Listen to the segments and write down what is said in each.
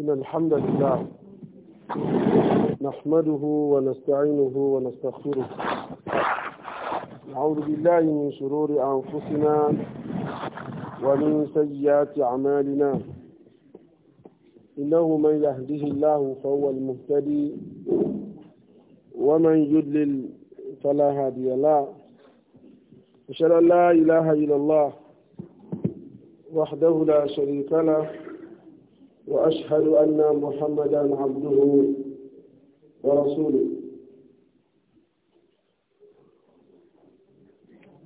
إن الحمد لله نحمده ونستعينه ونستغفره نعوذ بالله من شرور أنفسنا ومن سيئات أعمالنا إنه من يهده الله فهو المهتدي ومن يدلل فلا هادي له أشهد أن لا إله إلا الله وحده لا شريك له وأشهد أن محمدا عبده ورسوله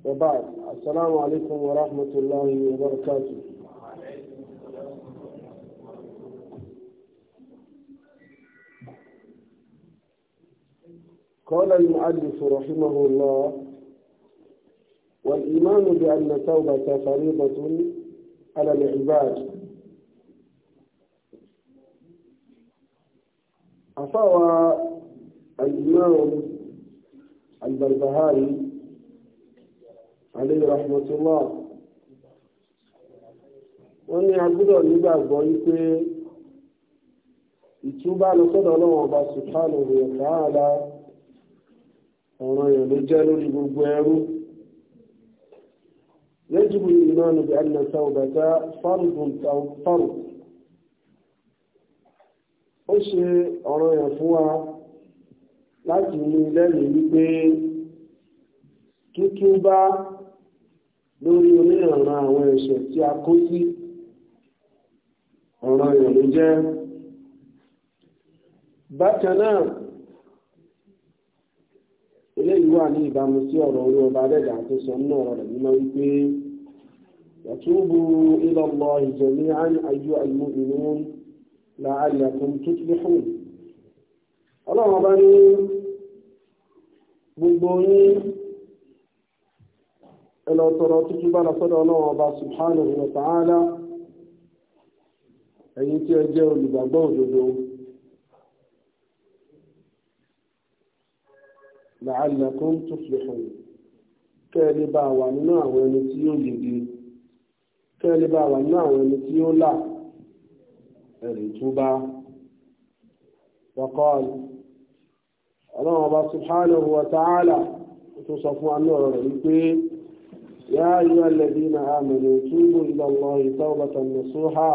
وبعد السلام عليكم ورحمة الله وبركاته قال المؤلف رحمه الله والإيمان بأن التوبة فريضة على العباد àfáwà الإمام imam عليه رحمة الله، rahmatullah wọ́n ní agbúdọ̀ nígbàgbọ́ wípé ìtúbà lọ sọ́dọ̀ ọlọ́wọ́n ọba subhanahu wa ta'ala ọ̀ràn yẹn ló jẹ́ lórí gbogbo ẹrú yajibu al-iman bi anna tawbata fardun ó ṣe ọ̀rọ̀ yẹn fún wa láti wipe lẹ́yìn wípé tútú bá lórí oníranran àwọn ẹ̀ṣẹ̀ tí a kó sí ọ̀rọ̀ yẹn ló jẹ́ bákan náà eléyìí wà ní ìbámu sí ọ̀rọ̀ orí ọba adẹ́gà tó sọ nínú ọ̀rọ̀ rẹ̀ nínú wípé yàtúbù لعلكم tuflihun ọlọ́run ọba ní gbogbo yín ẹlọ́tọ̀rọ̀ tuntun bá lọ́sọ́dọ̀ ọlọ́run ọba subhanahu wa ta'ala ẹ̀yin tí ẹ jẹ́ olùgbàgbọ́ òdodo la'allakum tuflihun kẹ́ẹ̀lẹ́ bá wà nínú àwọn ẹni tí yóò yege kẹ́ẹ̀lẹ́ wà nínú àwọn ẹni tí yóò là ẹ̀rìntúbá wọ́kọ́ọ̀lù ọlọ́run ọba subhanahu wa ta'ala tó sọ fún wa náà rẹ̀ wípé yá ayú alladhina amanu túbú ila Allahi tawbatan nasuha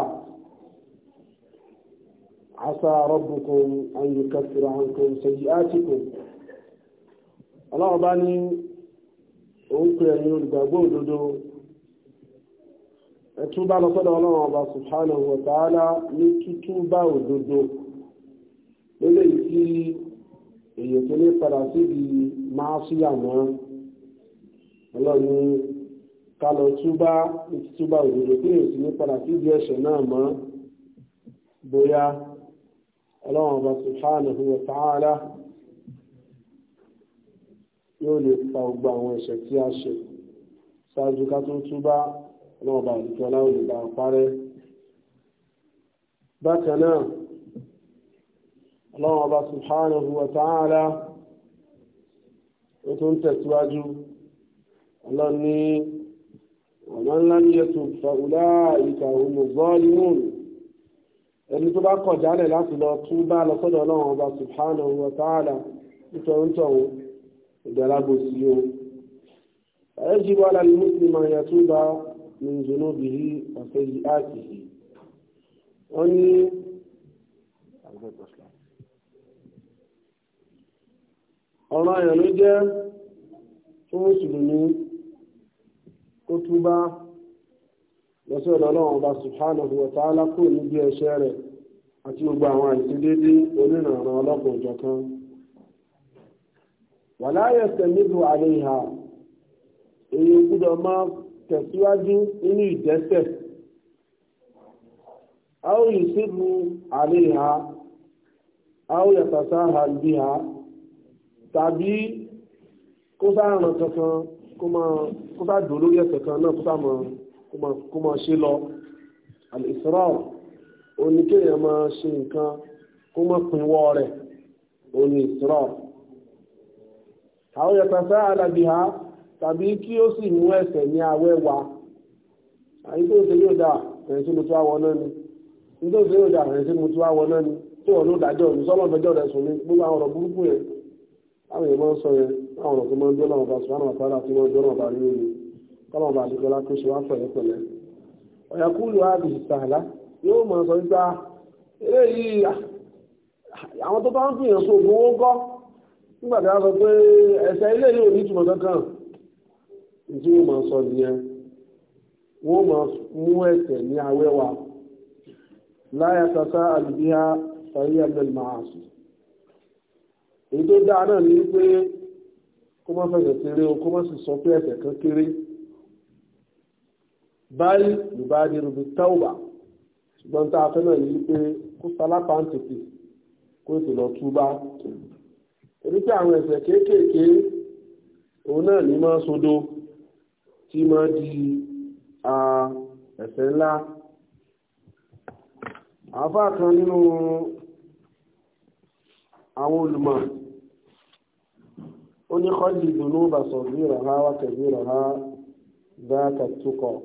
asa rabbukum an yukaffira ankum sayyi'atikum ọlọ́run ọba ní òun pè ẹ̀yin olùgbàgbọ́ òdodo ẹ̀túbá lọ́sọ́dọ̀ ọlọ́run ọba subhanahu wa ta'ala ní tútúbá òdodo lélẹ̀ tí èyàn tó ní padà síbi máa síyà mọ́ ọlọ́run ká lọ túbá ní tútúbá òdodo tí èyàn sì ní padà síbi ẹ̀ṣẹ̀ náà mọ́ bóyá ọlọ́run ọba subhanahu wa ta'ala yóò lè pa gbogbo àwọn ẹ̀ṣẹ̀ tí a ṣe ṣáájú ká tó túbá ọlọ́run bá àdìsọ aláwọ̀ lè bá a parẹ́ bákan náà ọlọ́run ọba subhanahu wa ta'ala ó tún tẹ̀síwájú ọlọ́run ní ọ̀nà ńlá ní yẹtù fàwùlá ìkà olùgbọ́ọ̀lùmùn ẹni tó bá kọ̀ jálẹ̀ láti lọ tún bá lọ sọ́dọ̀ ọlọ́run ọba subhanahu wa nítorí tọ̀hún ìdàlágbòsí o. ẹ̀yẹ́ jìbọ́ alálùmùsùlùmọ̀ yẹtù bá min zunubihi wa sayyi'atihi ó ní ọ̀rọ̀ àyàn ló jẹ́ fún mùsùlùmí kó túbá lọ sí ọ̀dọ̀ ọlọ́run ọba subhanahu wa ta'ala kúrò níbi ẹ̀ṣẹ̀ rẹ̀ àti gbogbo àwọn kan tẹ̀síwájú nínú ìdẹ́sẹ̀ a ó yìí síbu àríhà a ó yàtàtà àríhà tàbí kó sáàràn kankan kó bá dùn lórí ẹ̀sẹ̀ kan náà kó sáàmọ̀ kó mọ̀ ṣe lọ àlìsírọ̀ oníkéèyàn máa ṣe nǹkan kó mọ̀ pinwọ́ rẹ̀ oní ìsírọ̀ a ó yàtàtà àlàbíhà tàbí kí ó sì mú ẹsẹ̀ ní awẹ́ wa àyí tó ṣe yóò dà mo tún náà ni ní tó ṣe yóò dà mo tún náà ni tó wọ́n ló dájọ́ ní sọ́lọ́ ìfẹjọ́ rẹ̀ sùn ní gbogbo àwọn burúkú yẹn láwọn èèyàn máa ń sọ yẹn láwọn tó máa ń tí wọ́n dọ́nà ọ̀bà rí omi kọ́nà ọ̀bà àti kọ́lá tó ṣe wá fẹ̀lẹ́ pẹ̀lẹ́ ọ̀yàkúlù àbì yóò máa sọ ah, ah, tí wọ́n máa sọ nìyẹn wọ́n máa mú ẹ̀ṣẹ̀ ní awẹ́wà láyà sasa àlùbíyá sàrí abdul mahasi èyí tó dáa náà ní pé kó má fẹsẹ̀ kéré o kó má sì sọ pé ẹ̀ṣẹ̀ kan kéré báyìí ìbáde rubi tauba ṣùgbọ́n tá a fẹ́ náà yìí pé kó sálápá ń tètè kó ètò lọ túbá èyí tí àwọn ẹ̀ṣẹ̀ kéékèèké òun náà ní máa sodo tí máa di ẹ̀ṣẹ̀ ńlá àáfà kan nínú àwọn olùmọ̀ ó ní kọ́lì ìdùnnú bàṣọ̀ bí ìrànlá wá tẹ̀lé ìrànlá dáàtà tukọ̀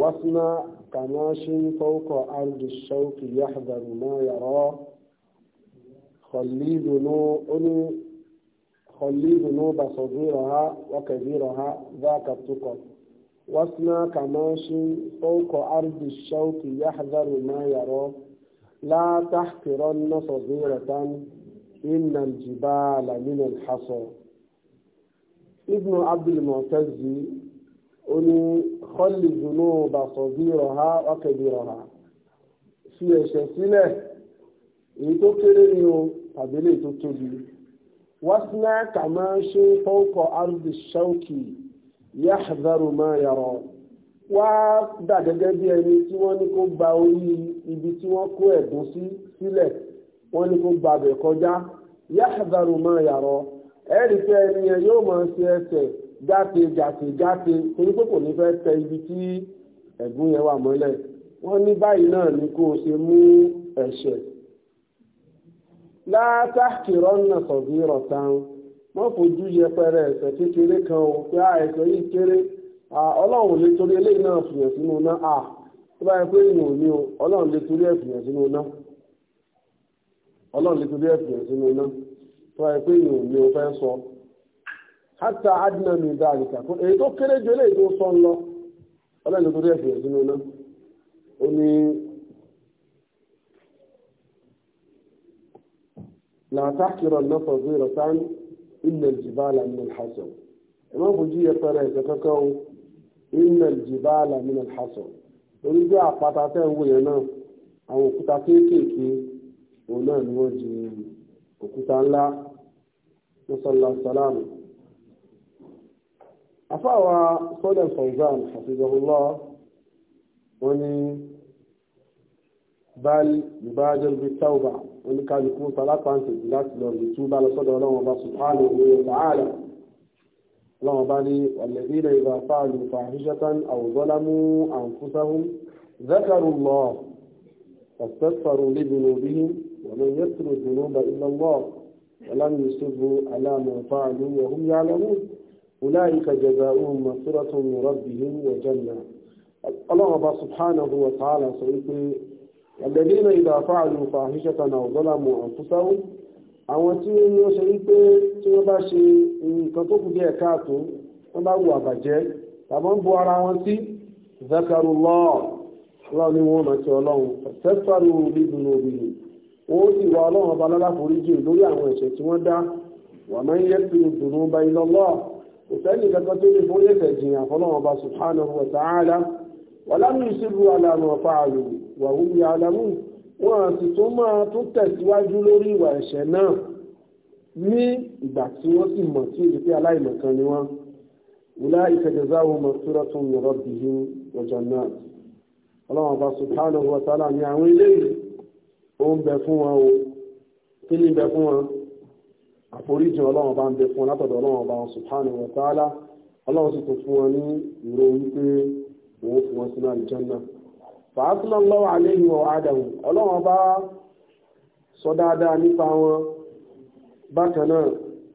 واصنع كناش فوق أرض الشوك يحذر ما يراه خلي ذنوء خلي ذنوب صغيرها وكبيرها ذاك التقى واصنع كماشي فوق أرض الشوك يحذر ما يراه لا تحقرن صغيرة إن الجبال من الحصى ابن عبد المعتزي أني خلي ذنوب صغيرها وكبيرها في شسلة يتكرر يوم قبل تتبيه واسنا كما شيء فوق أرض الشوك يحذر ما يرى wá dà gẹ́gẹ́ bí ẹni tí wọ́n ní kó gba orí ibi tí wọ́n kó ẹ̀gún sí sílẹ̀ wọ́n ní kó gba abẹ̀ kọjá yáhàdàrú máa yàrá ẹ̀rí pé ẹni yẹn yóò máa ṣe ẹsẹ̀ jáde jáde jáde torí pé kò ní fẹ́ tẹ ibi tí ẹ̀gún yẹn wà mọ́lẹ̀ wọ́n ní báyìí náà ni kó o ṣe mú ẹ̀ṣẹ̀ látàkìrọ̀ nà sọ̀bírọ̀ táwọn wọ́n fojú yẹpẹrẹ ẹ̀ṣẹ̀ kékeré kan o pé ẹ̀ṣẹ̀ yìí kéré ọlọ́run lè torí eléyìí náà fìyàn sínú tó bá yẹ pé o ọlọ́run lè torí ẹ̀fìyàn sínú náà ọlọ́run lè torí ẹ̀fìyàn sínú náà tó bá yẹ pé èèyàn o fẹ́ sọ hátà adìnà mi dá àlìkà kó èyí tó la tahkira nafa zero tan inna aljibala min alhasan ẹ má fojú yẹpẹrẹ ẹsẹ kankan o inna aljibala min alhasan torí bí àpáta tẹ ń wò yẹn náà àwọn òkúta kéékèèké òun náà ni wọn di òkúta ńlá nasalla salamu afáwa sọlẹ fọzán hafizahullah wọn ni bal yubadil bitawba oníkálukú talápáǹtì láti lọ lè túbá lọ sọ́dọ̀ ọlọ́run ọba subhanahu wa ta'ala ọlọ́run ọba ní walladhina idha fa'alu fahishatan aw zalamu anfusahum dhakaru Allah fastaghfaru li dhunubihim wa man yaghfiru dhunuba illa Allah wa lam yusirru ala ma fa'alu wa hum ya'lamun أولئك جزاؤهم مغفرة الذين إذا فعلوا فاحشة أو ظلموا أنفسهم àwọn tí ó ṣe wípé tí wọ́n bá ṣe nǹkan tó kù díẹ̀ káàtó wọ́n bá wù àbàjẹ́ tàbí ń bu ara wọn sí zakaru lọ́ọ̀ lọ́ọ̀ ni wọ́n máa ti ọlọ́run obìnrin wọ́n sì ọlọ́run ọba lọ́lá lórí àwọn ẹ̀ṣẹ̀ tí wọ́n dá wà máa ń yẹ kí dùnú kò kankan tó lè wàhùn yàlámù wọn àti tó máa tún tẹ̀síwájú lórí ìwà ẹ̀ṣẹ̀ náà ní ìgbà tí wọ́n sì mọ̀ tí èyí pé aláìmọ̀kan ni wọ́n wùlá ìfẹ̀jẹ̀záwò mọ̀túrọ̀ tó ń yọ̀rọ̀ bì í ọjà náà ọlọ́run ọba subhanahu wa ta'ala ni àwọn eléyìí ó ń bẹ fún wọn o kí ni ń bẹ fún wọn àforíjì ọlọ́run ọba ń bẹ fún wọn látọ̀dọ̀ ọlọ́run ọba subhanahu wa ta'ala ọlọ́run sì tún fún wọn ní ìró wípé òun fún wọn sínú àlùjánnà náà. fàákùnà lọ́wọ́ àléhìn wọ àdàwù ọlọ́wọ́n bá sọ dáadáa nípa wọn bákan náà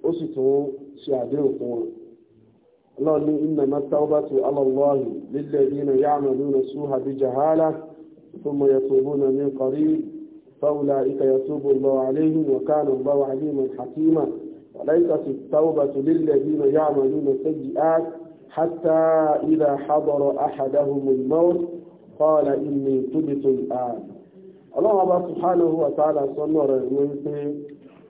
ó sì tún ṣe àdéhùn fún wọn ọlọ́run ní innama tawbatu ala Allahi lilladhina ya'maluna suha bi jahala min qarib فأولئك يتوب الله عليهم وكان الله عليما حكيما وليست التوبة للذين يعملون السيئات حتى إذا حضر أحدهم kọ́ọ̀lá ilé tóbi tó ìhàn ọlọ́run ọba subhanahu wa ta'ala sọ́nù ọ̀rọ̀ ìwé wípé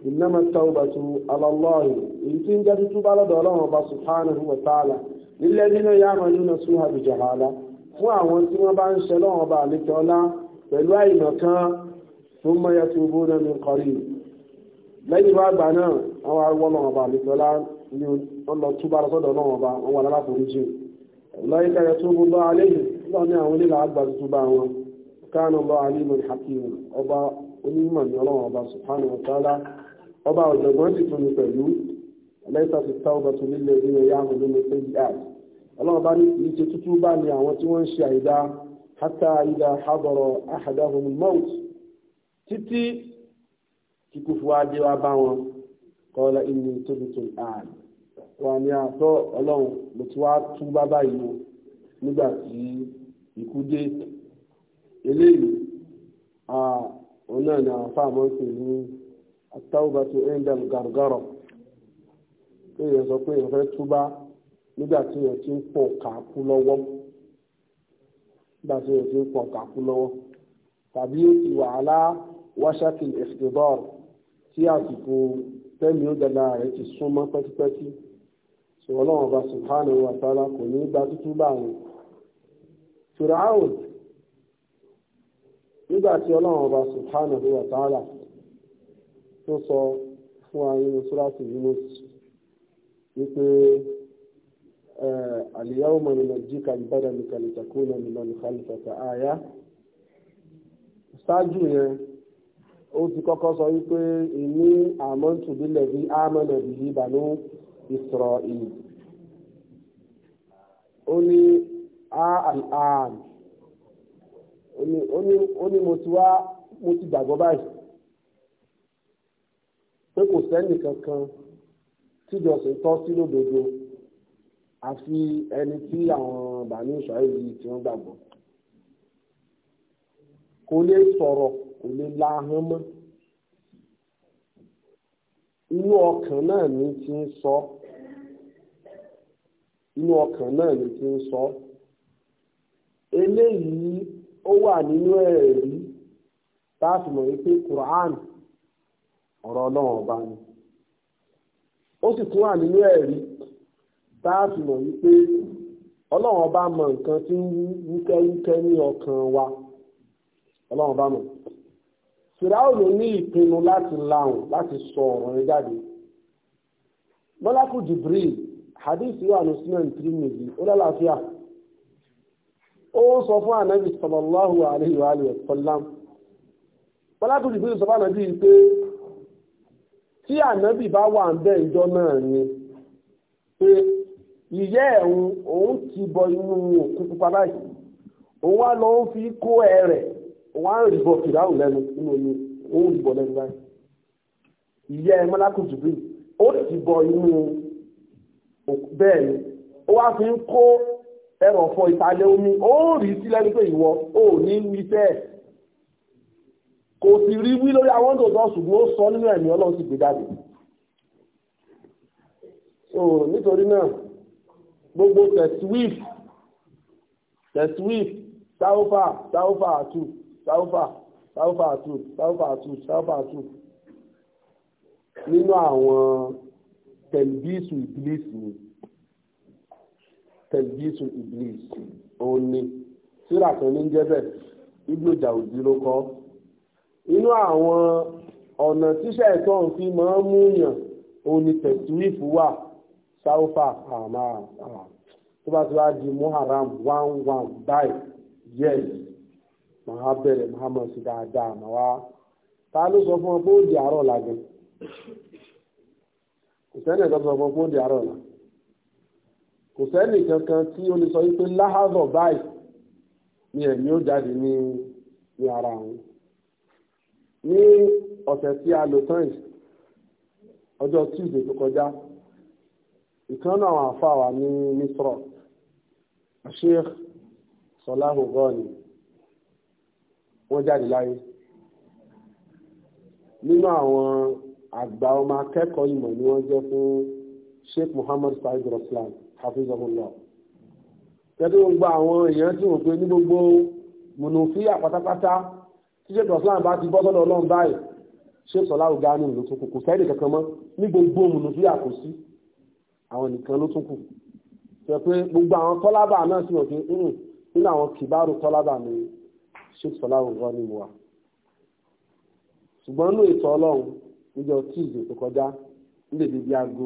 ìnáma tawbatu alọ́lọ́ọ̀rì èyí tí ń jẹ́ tútú bá lọ́dọ̀ ọlọ́run ọba subhanahu wa ta'ala nílẹ̀ nínú yàmà nínú súnhà bìjàhálà fún àwọn tí wọ́n bá ń ṣe lọ́wọ́ ọba àlejò ọlá pẹ̀lú àìmọ̀ kan tó mọ́ yẹ tó gbóná ní kọrí lẹ́yìn bá gbà náà àwọn arúgbó lọ́wọ́ ọba àlejò ọlá ni wọ́n lọ túbọ̀ arásọ́dọ̀ lọ́wọ́ ọba wọn wà lára foríjì lọ́yìn káyọ̀ tó gbogbo alẹ́ lọ́wọ́ ní àwọn onílà àgbà tuntun bá wọn káànà lọ alimun hakim ọba onímọ̀ ní ọlọ́wọ́ ọba subhanahu wa ta'ala ọba ọ̀jọ̀gbọ́n sì tún ní pẹ̀lú alaysa fi tawbatu lilladhina ya'maluna sayyi'at ọlọ́wọ́ bá ní kì í ṣe tútú bá ní àwọn tí wọ́n ń ṣe àìdá hatta idha hadara ahadahum al títí kíkú adé wa bá wọn kọ́lá inni tóbitó àn wà ní àtọ́ ọlọ́run mo ti wá báyìí nígbà tí ikú dé eléyìí òun náà ni àwọn fáàmù ń pè ní atáwùbátú endem gargaro pé èèyàn sọ pé èèyàn fẹ́ túbá nígbà tí èèyàn ti ń pọ̀ kàákú lọ́wọ́ nígbà tí èèyàn ti ń pọ̀ kàákú lọ́wọ́ tàbí ó ti wàhálà wáṣákì ìfìdọ́r tí àsìkò tẹ́mi ó dada rẹ̀ ti súnmọ́ pẹ́kípẹ́kí ṣùgbọ́n ọlọ́run ọba subhanahu wa ta'ala kò ní gba tútú báwọn firaun nígbà tí ọlọ́run ọba subhanahu wa ta'ala tó sọ fún ayélu sùràtì yunus wípé al-yawma nunajjika bi badanika litakuna liman khalfaka aya ṣáájú yẹn ó ti kọ́kọ́ sọ wípé inni amantu billadhi amana bihi banu Isra'il ó ní al'an ó ní mo ti wá mo ti gbàgbọ́ báyìí pé kò sẹ́ni kankan tíjọsìn tọ́ sí lódodo àfi ẹni tí àwọn bàánú ìṣàyẹ̀wò yìí ti ń gbàgbọ́ kò lè sọ̀rọ̀ kò lè lahán mọ́ inú ọkàn náà ni ti ń sọ inú ọkàn náà ni ti ń sọ. So. eléyìí ó wà nínú ẹ̀rí láti mọ̀ wípé Quran ọ̀rọ̀ ọlọ́run ọba ni ó sì tún wà nínú ẹ̀rí láti mọ̀ wípé ọlọ́run ọba mọ nǹkan tí ń ní ọkàn wa ọlọ́run ọba mọ̀ fìràwọ̀ ní ìpinnu láti láhùn láti sọ ọ̀rọ̀ jáde hadith wà ní ó lálàáfíà. ó sọ fún ànábì sallallahu alaihi wa alihi wasallam bọ́látòlì bí sọ fún ànábì pé tí ànábì bá wà ń bẹ́ ìjọ náà ni pé ìyẹ́ ẹ̀hún òun ti bọ inú òkú pupa báyìí òun wá lọ ń fi kó ẹ rẹ̀ òun á rìbọ fìdáhùn lẹ́nu nínú omi òun rìbọ lẹ́nu báyìí ìyẹ́ ẹ mọ́lákù jùbìrì ó ti bọ inú bẹ́ẹ̀ ni ó wá fi ń kó ẹ̀rọ fọ ìtàlẹ̀ omi ó rí sílẹ̀ ní pé ìwọ ò ní wí tẹ́ ẹ̀ kò sì rí wí lórí àwọn tó tọ́ ṣùgbọ́n ó sọ nínú ẹ̀mí ọlọ́run sì gbé jáde so nítorí náà gbogbo tẹ̀síwìf tẹ̀síwìf sáúfà sáúfà àtù sáúfà sáúfà àtù sáúfà àtù sáúfà àtù nínú àwọn tẹ̀lifíṣù ìbílíṣù ni tẹ̀lifíṣù iblis òun ni síra kan ní jẹ́bẹ̀ igbó jàùdí ló kọ́ inú àwọn ọ̀nà tíṣẹ́ ẹ̀tọ́ fi máa ń múyàn òun ni tẹ̀síwìfù wà sáúfà àmà tó bá ti wá di muharram one one báyìí yes màá bẹ̀rẹ̀ muhammed sí dáadáa màá wá ta ló sọ fún ọ pé ó di àárọ̀ làgẹ̀ kò sẹ́ni ẹ̀dọ́ sọ fún ọ pé ó di àárọ̀ làgẹ̀ kò sẹ́ni kankan tí ó lè sọ wípé láhàzọ̀ báyìí ni ẹ̀mí ó jáde ní ní ara òun ní ọ̀sẹ̀ tí a lò tán yìí ọjọ́ tuesday tó kọjá ìkànnà àwọn àfáà wa ní misro sheikh sọláhùn gọ́ọ̀nì wọ́n jáde láyé nínú àwọn àgbà ọmọ akẹ́kọ̀ọ́ ìmọ̀ ni wọ́n jẹ́ fún sheikh muhammad said roslan àfihànmọ́lá tẹ́tí gbogbo àwọn èèyàn tí wọ́n pe ní gbogbo mùnúfíà pátápátá tí ṣètò ọ̀sán bá ti bọ́ sọ́dọ̀ ọlọ́run báyìí ṣètò ọ̀là ọ̀gá ní ìlú tó kù kò sẹ́ẹ̀dì kankan mọ́ ní gbogbo mùnúfíà kò sí àwọn nìkan ló tún kù tẹ pé gbogbo àwọn tọ́lábà náà sì wọ́n pé nínú àwọn kìbáàrù tọ́lábà ni ṣètò ọ̀là ọ̀gá ní ìwà ṣùgbọ́n nínú ètò ọlọ́run níjọ tíìzì tó kọjá nílẹ̀ bíi aago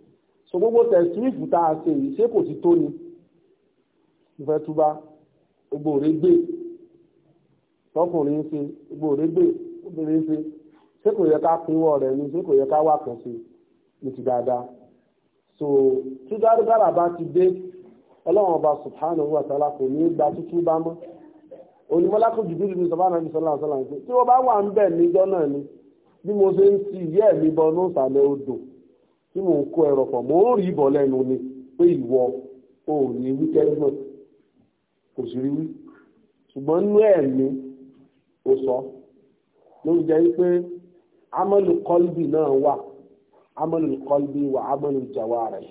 so gbogbo tẹ̀sírífù tá a ṣe yìí kò sí tó ni ìfẹ́ túbá gbogbo ọ̀rẹ́ gbé tọkùnrin ń ṣe gbogbo ọ̀rẹ́ gbé obìnrin ń ṣe ṣé kò yẹ ká pinwọ́ rẹ̀ ni ṣé kò yẹ ká wà kàn sí ní ti dáadáa so túdárúdárà bá ti dé ọlọ́run ọba subhanahu wa ta'ala kò ní gba tútú bá mọ́ onímọ́lákò jùbìlì ní sọ́bà náà ní sọ́lá sọ́lá ń pè tí wọ́n bá wà ń bẹ̀ níjọ́ náà ni bí mo ṣe ń ti ìyẹ́ mi bọ́ ní ìsàlẹ̀ odò tí mò ń kó ẹrọ pọ̀ mò ń rí ìbọ̀ lẹ́nu ni pé ìwọ ò ní wíkẹ́ndì náà kò sì rí wí ṣùgbọ́n nínú ẹ̀mí ó sọ ló ń jẹ́ pé amọ́lù kọ́lbì náà wà amọ́lù kọ́lbì wà amọ́lù jàwá rẹ̀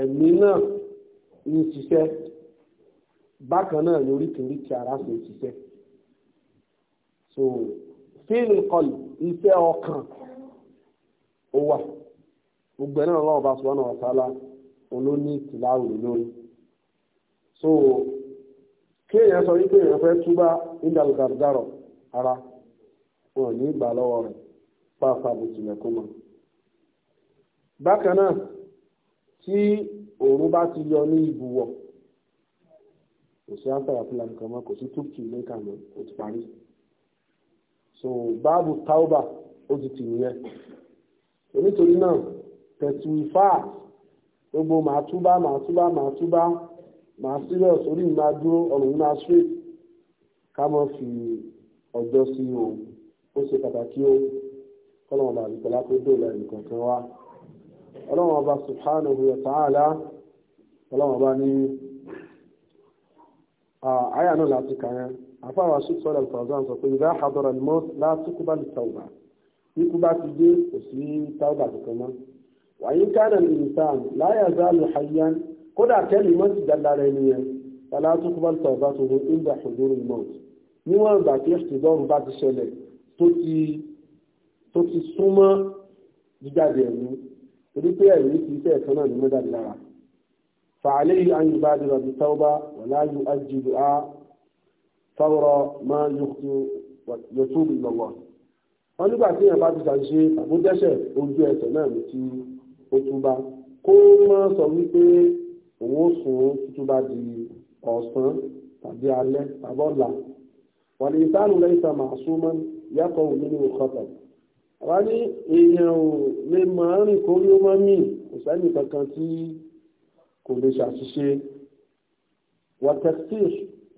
ẹ̀mí náà ń ṣiṣẹ́ bákan náà ni oríkèéríkèé ara ṣe ń ṣiṣẹ́ so fíìlì kọlù iṣẹ́ ọkàn ó wà gbogbo ẹni ọlọ́wọ́ bá sọ ọ́nà ọ̀sálà olóní ìtìláwò lórí so kí èèyàn sọ wípé èèyàn fẹ́ túbá indal gargarọ̀ ara wọn ò ní ìgbà lọ́wọ́ rẹ̀ pàápàá bó tilẹ̀ kó mọ́ bákan náà tí òòrùn bá ti yọ ní ibùwọ̀ kò sí afẹ́ra fúlàní kan mọ́ kò sí túkì lẹ́ka mọ́ ó ti parí so báàbù táwọ́bà ó ti tì nìyẹn nítorí náà tẹ̀sù ifá gbogbo màá túbá màá túbá màá túbá màá serious orí mi máa dúró ọ̀rùn mi máa straight ká mọ́ fi ọjọ́ sí o ó ṣe pàtàkì o kọ́lọ́mọ̀ bá àbíkọ́ lápé dóòlà ẹnìkan kan wá ọlọ́mọ̀ bá subhanahu wa ta'ala ọlọ́mọ̀ bá ní àyà náà láti kà yẹn àfáwà sí sọ́dọ̀ alfàzán sọ pé ìdá àdọ́rọ̀ ni mọ́ látúkú bá lè tàwùbà ikú bá ti dé kò sí tàwùbà kankan mọ́ wàyí kánà nìsan láyà záàlù hayyan kódà kẹ́lì mọ́ ti dálára ẹni yẹn tàlá tó kú bá ń tọ̀ọ̀bá tó hó ń bá ṣòdúró mọ́t níwọ̀n ìgbà tí ẹ̀ṣìdọ́rù bá ti ṣẹlẹ̀ tó ti súnmọ́ jíjáde ẹ̀mí torí pé ẹ̀mí kì í fẹ́ ẹ̀kan náà ní mọ́ dáadáa lára fàálẹ́ yìí ayé bá dìrọ̀ bí tọ́ba wàlá yóò ajílu á fáwọ́rọ̀ máa yọtú wọn nígbà tí èèyàn bá ti ṣàṣe àbúdẹ́sẹ̀ ojú ẹsẹ̀ náà ní ti kó túbá kó má sọ wípé òun ó sùn túbá di ọ̀sán tàbí alẹ́ tàbí ọ̀la wàlẹ̀ ìsáàlù lẹ́yìn sàmà súnmọ́ yàtọ̀ òun nínú kọ́tọ̀ àwa ní èèyàn ò lè máa rìn kórí ó máa mì kò sẹ́ni kankan tí kò lè ṣàṣìṣe wàtẹ́kítì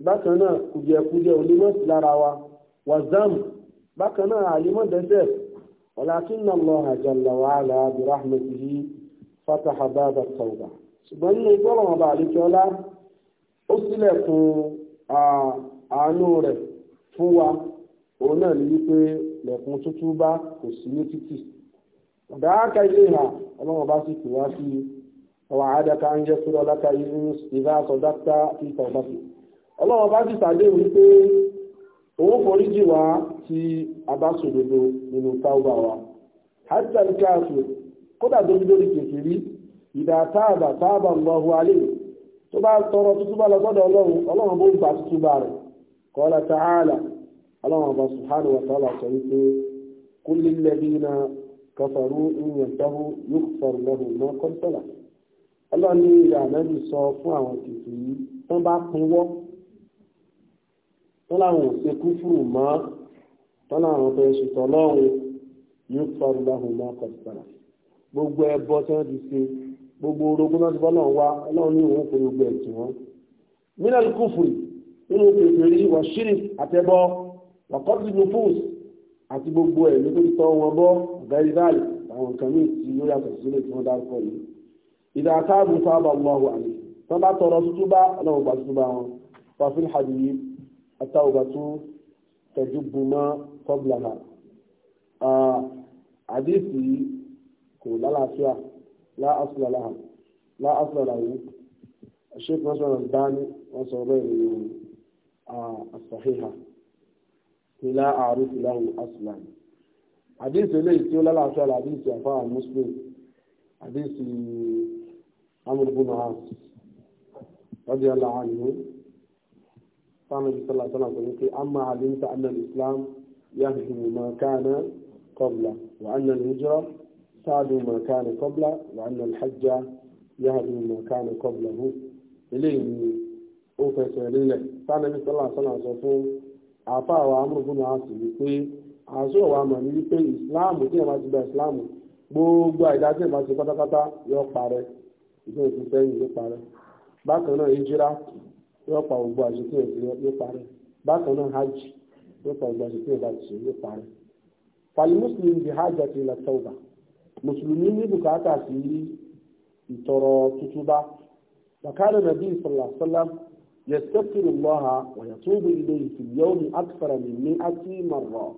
bákan náà kùjẹkùjẹ ò sí lára wa wàzámù bákan náà àlè mọ̀ dẹ́sẹ̀ ولكن الله جل وعلا برحمته فتح باب التوبة ṣùgbọ́n nínú igbó ọ̀rọ̀ ọba àlejòọ́lá ó sílẹ̀kùn àánú rẹ̀ fún tuntun bá kò sí ní títì ọ̀dà ilé ìhà ọlọ́run ọba sì pè wá sí ọwọ́ àádọ́ta ń jẹ́ sódọ́ lákàáyé ìdá àsọdáta fi tàwọn bá ọlọ́run owó foríjì wá tí a bá sòdodo nínú táwùbà wa hajjal káfíìn kódà tó fi lórí kèfìrí ìdá táàbà táàbà Allahu alayhi tó bá tọrọ tuntun bá lọ sọ́dọ̀ ọlọ́run ọlọ́run bó ń gbà tuntun ta'ala ọlọ́run ọba subhanahu wa ta'ala sọ wípé ọlọ́run ní sọ fún àwọn bá wọ́n láwọn ò ṣe kúfùrù mọ́ tọ́lá àwọn tó ń ṣe tọ́lọ́run yóò fọ́ọ̀rù láhùn máa kọ̀ sípàdà gbogbo ẹbọ tí wọ́n ti ṣe gbogbo orogún náà ti bọ́ náà wá ọlọ́run ní òun fún gbogbo ẹ̀jẹ̀ wọn. mílíọ̀nù kúfùrù nínú kékeré wà ṣírí àtẹ́bọ wà kọ́tù nufus àti gbogbo ẹ̀ ló tó ti tọ́ wọn bọ́ ọ̀gáyé báyìí àwọn nǹkan míì tí ó yàtọ̀ sílẹ̀ tí wọ́n dárúkọ yìí. ìdá àtàbù sábà wọ́n wà ní. tọ́ bá tọrọ tútúbá ọlọ́run gbà tútúbá wọn. wà fún ìhàdìyí التوبة تجب ما قبلها حديثي كل العافية لا أصل لها لا أصل له الشيخ نصر الباني وصوبين الصحيحة لا أعرف له أصلا حديث ليس ولا العافية الحديث يفعل مسلم حديث عمرو بن عاص رضي الله عنه sáàmì bí sọ́lá sọ́lá sọ wípé a máa lè ń islam ya fi hìmù máa káàna kọ́bla wà annan hijira sáàdù máa káàna kọ́bla wà ya fi hìmù máa káàna kọ́bla hù eléyìí ni ó fẹsẹ̀ rílẹ̀ sáàmì bí sọ́lá sọ́lá sọ gbogbo pátápátá yọ ló bákan náà yóò pa gbogbo àṣetí ẹ̀ yóò parẹ́ bákan náà hajj yóò pa gbogbo àṣetí ẹ̀ bá ti ṣe yóò parẹ́. fàlì mùsùlùmí di hajj àti ilẹ̀ tọ́wọ̀bà mùsùlùmí ní bùkátà sí ìtọrọ tutuba bàkàrẹ̀ nàbí ìsọ̀làsọ́lá yẹ̀sẹ̀kìrì lọ́ha wàyàtúbù ilé ìfìyàwó ni àtìfàrà mi ní àti màrọ̀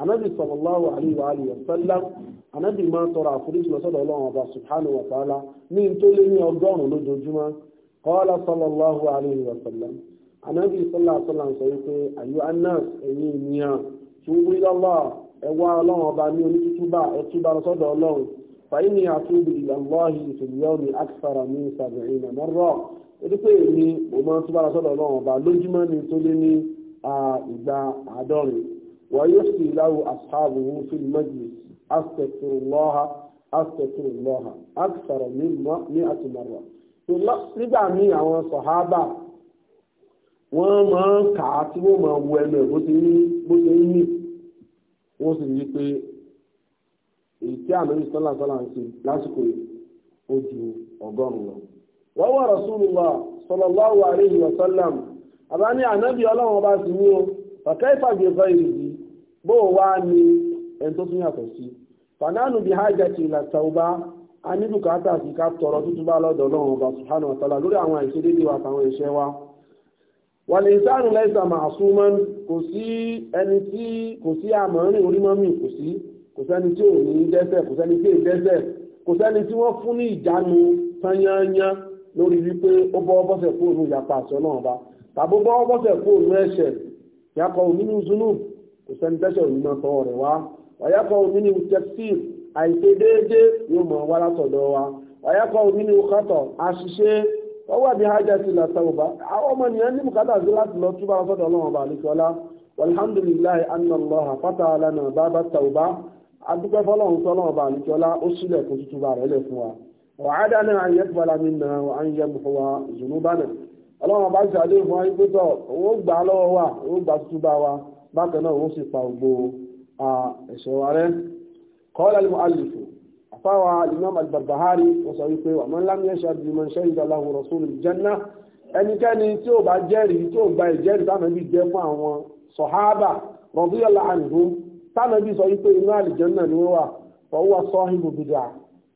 anabi sallallahu alayhi wa alihi wa sallam anabi máa tọrọ àforíjì lọ́sọ̀dọ̀ ọlọ́run ọba subhanahu wa ta'ala ní ntólé ní ọgọ́rùn-ún lójoojúmọ́ kọ́lá sallallahu alayhi wa sallam anábì sallallahu alayhi wa sallam sọ wípé àyù anas ẹ̀yìn ìmìíràn tí ó wí lọ́lọ́ ẹ wá ọlọ́run ọba ní onítútúbà ẹtúbà sọ́dọ̀ ọlọ́run fàyínì àtúbù ìlàlọ́hì ìtòlíọ́nì akthara min sab'ina marra torí pé èmi mo máa ń túbà sọ́dọ̀ ọlọ́run ọba lójúmọ́ ni tó lé ní ìgbà àádọ́rin wàyó sì láwù àṣàbù fil majlis astaghfirullah astaghfirullah akthara min mi'ati marra nígbà míì àwọn sọ̀hábà wọ́n máa ń kà á tí wọ́n máa wo ẹnu ẹ̀ bó ti ń bó ti ń mì wọ́n sì rí i pé èyí tí àmì sọ́là sọ́là ń ṣe lásìkò ó ju ọgọ́rùn-ún lọ. wọ́n wà Rasulullah sallallahu alaihi wa sallam àbá ní ànábì ọlọ́run ọba sì ní o ọ̀kẹ́ ìfàgbẹ́fẹ́ ìrìbí bó o wá ní ẹni tó tún yàtọ̀ sí. fanánù bí hajj ti ìlà tàwùbá a ní bùkátà sí ká tọrọ tútúbá lọ́dọ̀ Ọlọ́run ọba subhanahu wa ta'ala lórí àwọn àìṣedéédé wa àtàwọn ẹ̀ṣẹ̀ wa wàlẹ̀ ìsáàrùn lẹ́sà màásùmọ́ kò sí ẹni tí kò sí àmọ́rin orímọ́mì kò sí kò sẹ́ni tí ò ní dẹ́ṣẹ̀ kò sẹ́ni tí ò dẹ́ṣẹ̀ kò sẹ́ni tí wọ́n fún ní ìjánu tanyanya lórí wípé ó bọ́ bọ́sẹ̀ kó òun ìyapa àṣọ náà bá tàbó bọ́ bọ́sẹ̀ kó ẹ̀ṣẹ̀ yakọ̀ òun àìṣe déédé yóò mọ̀ wá látọ̀dọ̀ wa ọ̀yẹ́kọ̀ omi ni òkàtọ̀ àṣìṣe ọwọ́ àbí hajj ti là sáwùbá àwọn ọmọ nìyẹn ní bùkátà sí láti lọ túbọ̀ lọ́sọ̀dọ̀ ọlọ́run ọba àlùkọ́lá walhamdulilayi anallaha fata alana baba tawba adúpẹ́ fọlọ́run tọ́lọ́run ọba àlùkọ́lá ó sílẹ̀ kó tutù bá rẹ̀ lẹ̀ fún wa wàhádà náà àyè fúbalà mi nà àyè mùfọwà zùnúbànà ọlọ́run ọba ṣàdé fún ayé pé tọ̀ gbà lọ́wọ́ wa owó gbà tutù bá wa bákan náà ó sì pa ògbó ẹ̀ṣọ́ wa rẹ́ قال المؤلف فوى الإمام البربهاري وصحيحه ومن لم يشهد بمن شهد له رسول الجنة ẹnikẹ́ni tí ó bá jẹ́rìí tí ó gba ìjẹ́rìí táwọn ẹbí jẹ́ fún àwọn sọ̀háábà radiyallahu anhum táwọn ẹbí sọ wípé inú àlìjẹ́nà ni wọ́n wà fọwọ́ sahibu bìdà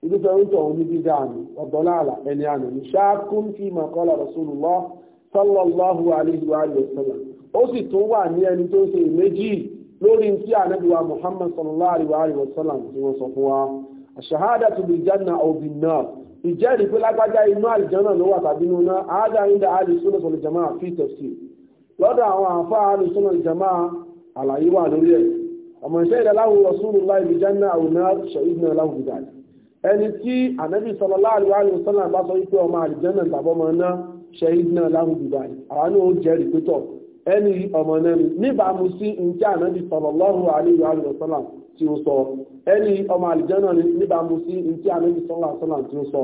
irúfẹ́ oúnjẹ òun ní bìdà àmì ọ̀dọ́láàlà ẹni àmì ní ṣáàkùn fi ma qala rasulullah lórí tí ànábì wa Muhammad sallallahu alayhi wa sallam tí wọ́n sọ fún wa ash-shahadatu bil janna aw bin nar ìjẹ́rìí pé lágbájá inú àlìjánà ló wà tàbí inú náà áádá inda al-sunnah wal jama'a fi tafsir lọ́dọ̀ àwọn àfa al-sunnah wal àlàyé wà lórí ẹ̀ ọmọ iṣẹ́ ìdáláwò rasulullahi bil janna aw nar shahidna lahu bidali ẹni tí ànábì sallallahu alayhi wa sallam bá sọ ẹni ọmọ náà níbàámu sí njẹ́ ànábì sallallahu alaihi wa sallam tí ó sọ ẹni ọmọ àlìjẹ́nà níbàámu sí njẹ́ ànábì sallallahu alaihi wa sallam tí ó sọ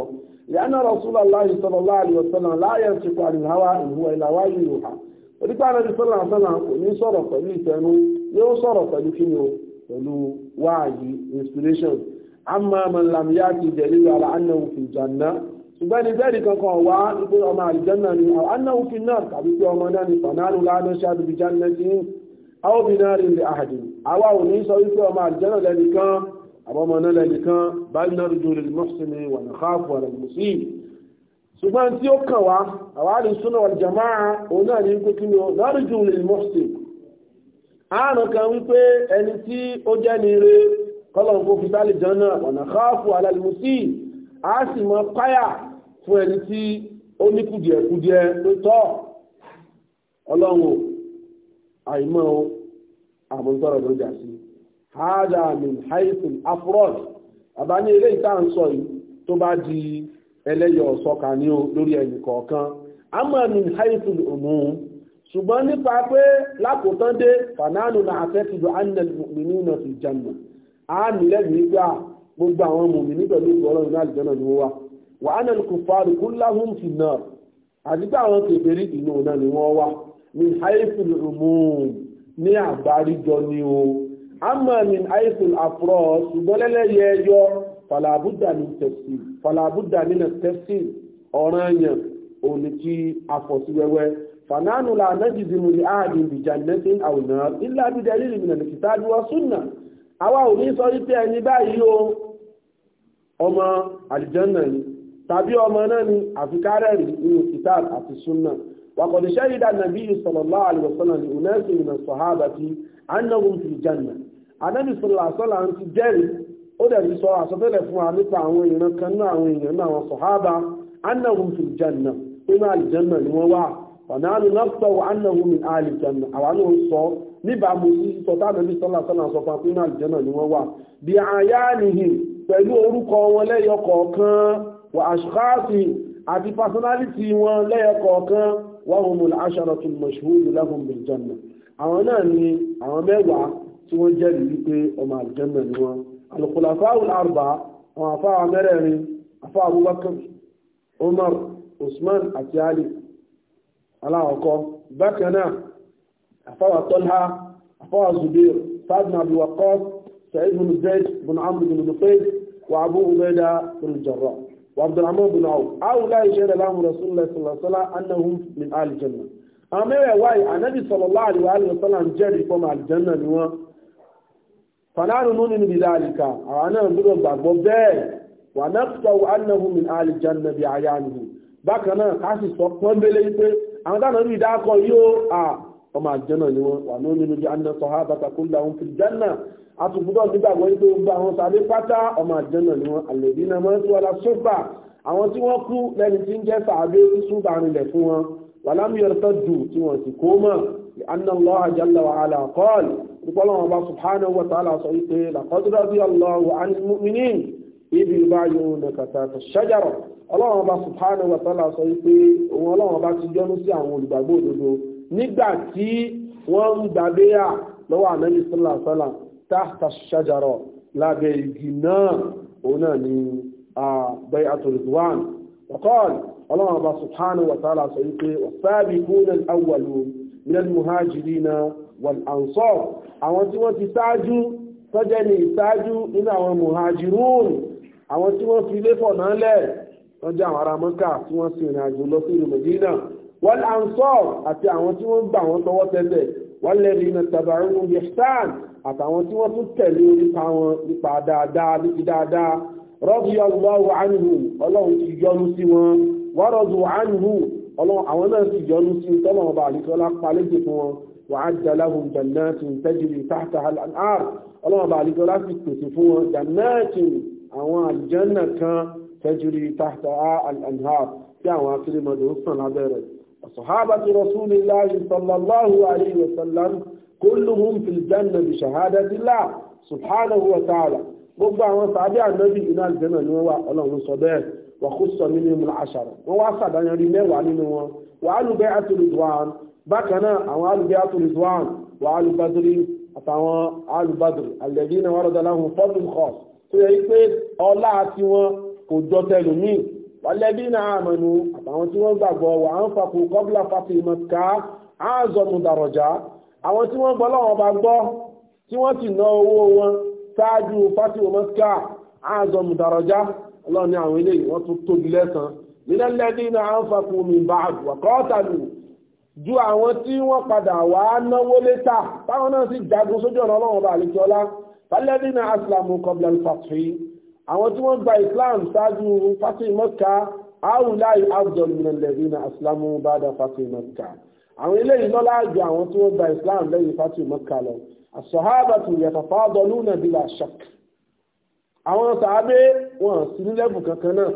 ìyáná Rasulullahi sallallahu alaihi wa sallam la yantiqu anil hawa in huwa illa wahyun yuha onípa ànábì sallallahu alaihi wa sallam kò ní sọ̀rọ̀ pẹ̀lú ìfẹ́nu yóò sọ̀rọ̀ pẹ̀lú kí ni o pẹ̀lú wáàyí inspiration ṣùgbọ́n ní bẹ́ẹ̀ni kankan wá pé ọmọ àlìjánà ni àwọn anáwó fi náà tàbí pé ọmọ náà ni fanáàlú lánà ṣáàdù bí jánà sí àwọn obìnrin rìn lè àhàdì àwa ò ní sọ wípé ọmọ àlìjánà lẹ́nìkan àbọ̀mọ náà lẹ́nìkan báyìí náà rújú lè mọ́sílẹ̀ wà ní káàfù wà ní sí ṣùgbọ́n tí ó kàn wá àwa àlì súnà kan wípé ẹni tí ó jẹ́ ni ire kọ́lọ̀ fi sálì jánà wà ní káàfù wà a sì mọ páyà fún ẹni tí ó ní kùdìẹ̀kùdìẹ tó tọ́ ọlọ́run àìmọ́ o àmúntọ́rọ̀ ló jà sí hada min haithun afrod àbá ní ìta ń sọ yìí tó bá di ẹlẹ́yọ ọ̀sọ́ka ní o lórí ẹnì kọ̀ọ̀kan àmọ́ min haithun umum ṣùgbọ́n nípa pé lákòótán dé fanánù náà àfẹ́kìdọ̀ annal mu'minuna fi janna àmì lẹ́yìn nígbà gbogbo àwọn mùmí nígbà lóògbé ọlọ́run náà àlùjànnà ni wà á nàlùkù fàárù kú láhùn fi náà àdìgbà àwọn kèfèrí inú náà ni wọ́n wà min haifil umum ní àgbáríjọ ni o amma min haifil afro ṣùgbọ́n lẹ́lẹ́yẹ ẹyọ falabudda nínú tẹ́sí ọ̀ràn yẹn òní tí a fọ̀ sí wẹ́wẹ́ fanánù la nájìdì mú ní ààdì ìbìjà nẹ́sìn àwòrán ilé abidjan ilé ìbìnà kìtàbí wa súnà àwa ò ní sọ ẹni báyìí o ọmọ àlìjánà yìí tàbí ọmọ náà ni àfikárẹ́ rí nínú kitab àti sunna وقد شهد النبي صلى الله عليه وسلم لأناس من الصحابة أنهم في الجنة النبي صلى الله عليه وسلم ti jẹ́rìí ó dẹ̀ fi sọ àsọtẹ́lẹ̀ fún wa nípa àwọn èèyàn kan náà àwọn èèyàn náà wọn sọ̀hábà annahum fi janna nínú àlìjanna ni wọ́n wà ọ̀nàánú nọ́pọ̀ annahum min àlìjanna àwa náà sọ níbàámu sí sọ táwọn ẹbí sọlá sọlá sọ fún akínú àlìjanna ni wọ́n wà bí àyà nìyí pẹ̀lú orúkọ wọn lẹ́yọ wà àṣùkáàsì àti pásánálítì wọn lẹ́yọkọ̀ọ̀kan wọ́n mú aṣọ́rọ̀tún mọ̀ṣúhùn lẹ́hùn bil janna àwọn náà ni àwọn mẹ́wàá tí wọ́n jẹ́rìí wípé ọmọ àlùjànnà ni wọ́n alùkùlàfáàwùl àrùbá àwọn afáà mẹ́rẹ̀ẹ̀rin afáà abubakar umar usman àti ali aláwọ̀kọ́ bákan náà afáà tọ́lá afáà zubair saad bin abdulwakos sa'id bin zayd bin amr bin nufayl wa abu ubaida bin jarrah وعبد الرحمن بن عوف هؤلاء شهد لهم رسول الله صلى الله عليه وسلم أنهم من أهل الجنة أما واي النبي صلى الله عليه وآله وسلم جري كما الجنة نوا فنحن نؤمن بذلك أنا نقول بغبوبي ونقطع أنه من أهل الجنة بعيانه bákan náà ká sì sọ pọ́nbélé pé àwọn táwọn rí dákọ̀ yóò à ọmọ àjẹ́nà ni wọ́n wà ní onílùú àtùgbùdọ̀ nígbàgbọ́ wípé gbogbo àwọn sàbí pátá ọmọ àjẹnà ni wọn àlèbí náà máa ń tó wọlá sóbà àwọn tí wọ́n kú lẹ́ni tí ń jẹ́ sàbí súbà rinlẹ̀ fún wọn wàlámìyàn dù tí wọ́n sì kó mọ̀ anna allah jalla wa ala qala nípọ́lọ́ wọn bá subhanahu wa ta'ala sọ wípé laqad radiyallahu 'anil mu'minin ibi yubay'unaka tahta ash-shajara ọlọ́run subhanahu wa ta'ala sọ wípé òun ọlọ́run ọba ti yọ́nú sí àwọn olùgbàgbọ́ òdodo nígbà tí wọ́n ń gbàgbéyà lọ́wọ́ ànábì sallallahu alaihi tahta ṣájàrọ̀ lábẹ́ igi náà òun náà ni bay'atu ridwan waqal ọlọ́run ọba subhanahu wa ta'ala sọ wípé wasabiquna al-awwalun min al-muhajirina wal-ansar àwọn tí wọ́n ti ṣáájú tọ́jẹ́ ní ìṣáájú nínú àwọn muhajirun àwọn tí wọ́n fi léfọ̀ náà lẹ̀ wọ́n jẹ́ àwọn ará mọ́kà tí wọ́n sì rìn àjò lọ sí ìlú medina wal ansar àti àwọn tí wọ́n gbà wọ́n tọwọ́ tẹsẹ̀ wal ladina taba'uhum bi ihsan àtàwọn tí wọ́n tún tẹ̀lé nípa wọn nípa dáadáa níbi dáadáa rọ́bì ọlọ́wọ́ àánihù ọlọ́run ti yọ́nú sí wọn wọ́rọ̀dù àánihù àwọn náà sì yọ́nú sí tọ́lọ́wọ́ bá àlìkọ́lá palẹ́jì fún wọn wà á jaláhùn jannatin tajri tahta al ọlọ́wọ́ bá àlìkọ́lá sì pèsè fún wọn jannatin àwọn àlìjánà kan tajri tahta al tí àwọn akérèmọdò sàn lábẹ́rẹ̀ ọ̀sọ̀hábàtì rasulillahi sallallahu alayhi wa sallam كلهم في الجنة بشهادة الله سبحانه وتعالى. wa ta'ala gbogbo àwọn sàbí ànábì iná àlùjẹ́nà ni wọ́n wà ọlọ́run sọ bẹ́ẹ̀ wa khussa minhumul ashara wọ́n wá sàdáyanrí mẹ́wàá nínú wọn wa ahlu bay'ati ridwan bákan náà àwọn ahlu bay'ati ridwan wa ahlu badri àtàwọn ahlu badri alladhina warada lahum fadlun khass tó yẹ pé ọlá àti wọn kò jọ tẹlùmíì àwọn tí wọ́n gbọ́ lọ́wọ́ bá gbọ́ tí wọ́n ti ná owó wọn ṣáájú fásitì mọ́síkà àzọ mùdàrọ̀já ọlọ́run ní àwọn eléyìí wọ́n tún tóbi lẹ́sàn nílẹ̀ lẹ́dí náà à ń fakú mi bá àkọ́ọ̀tàlù ju àwọn tí wọ́n padà wá náwó létà táwọn náà sì jagun sójú ọ̀nà ọlọ́run bá àlejò ọlá fálẹ́dí náà asìlámù kọ́bílẹ̀ fàtì àwọn tí wọ́n gba islam ṣáájú fásitì mọ́síkà àwùláì àbùdọ̀ nílẹ̀ lẹ́dí náà asìlámù bá dá fásitì mọ́síkà àwọn eléyìí lọ́lá àjọ àwọn tí wọ́n gba islam lẹ́yìn fati mọ́kà lọ àsọ̀hábà tó yàtọ̀ fáwọn lónà bí la ṣak àwọn sàábé wọn sí nílẹ̀bù kankan náà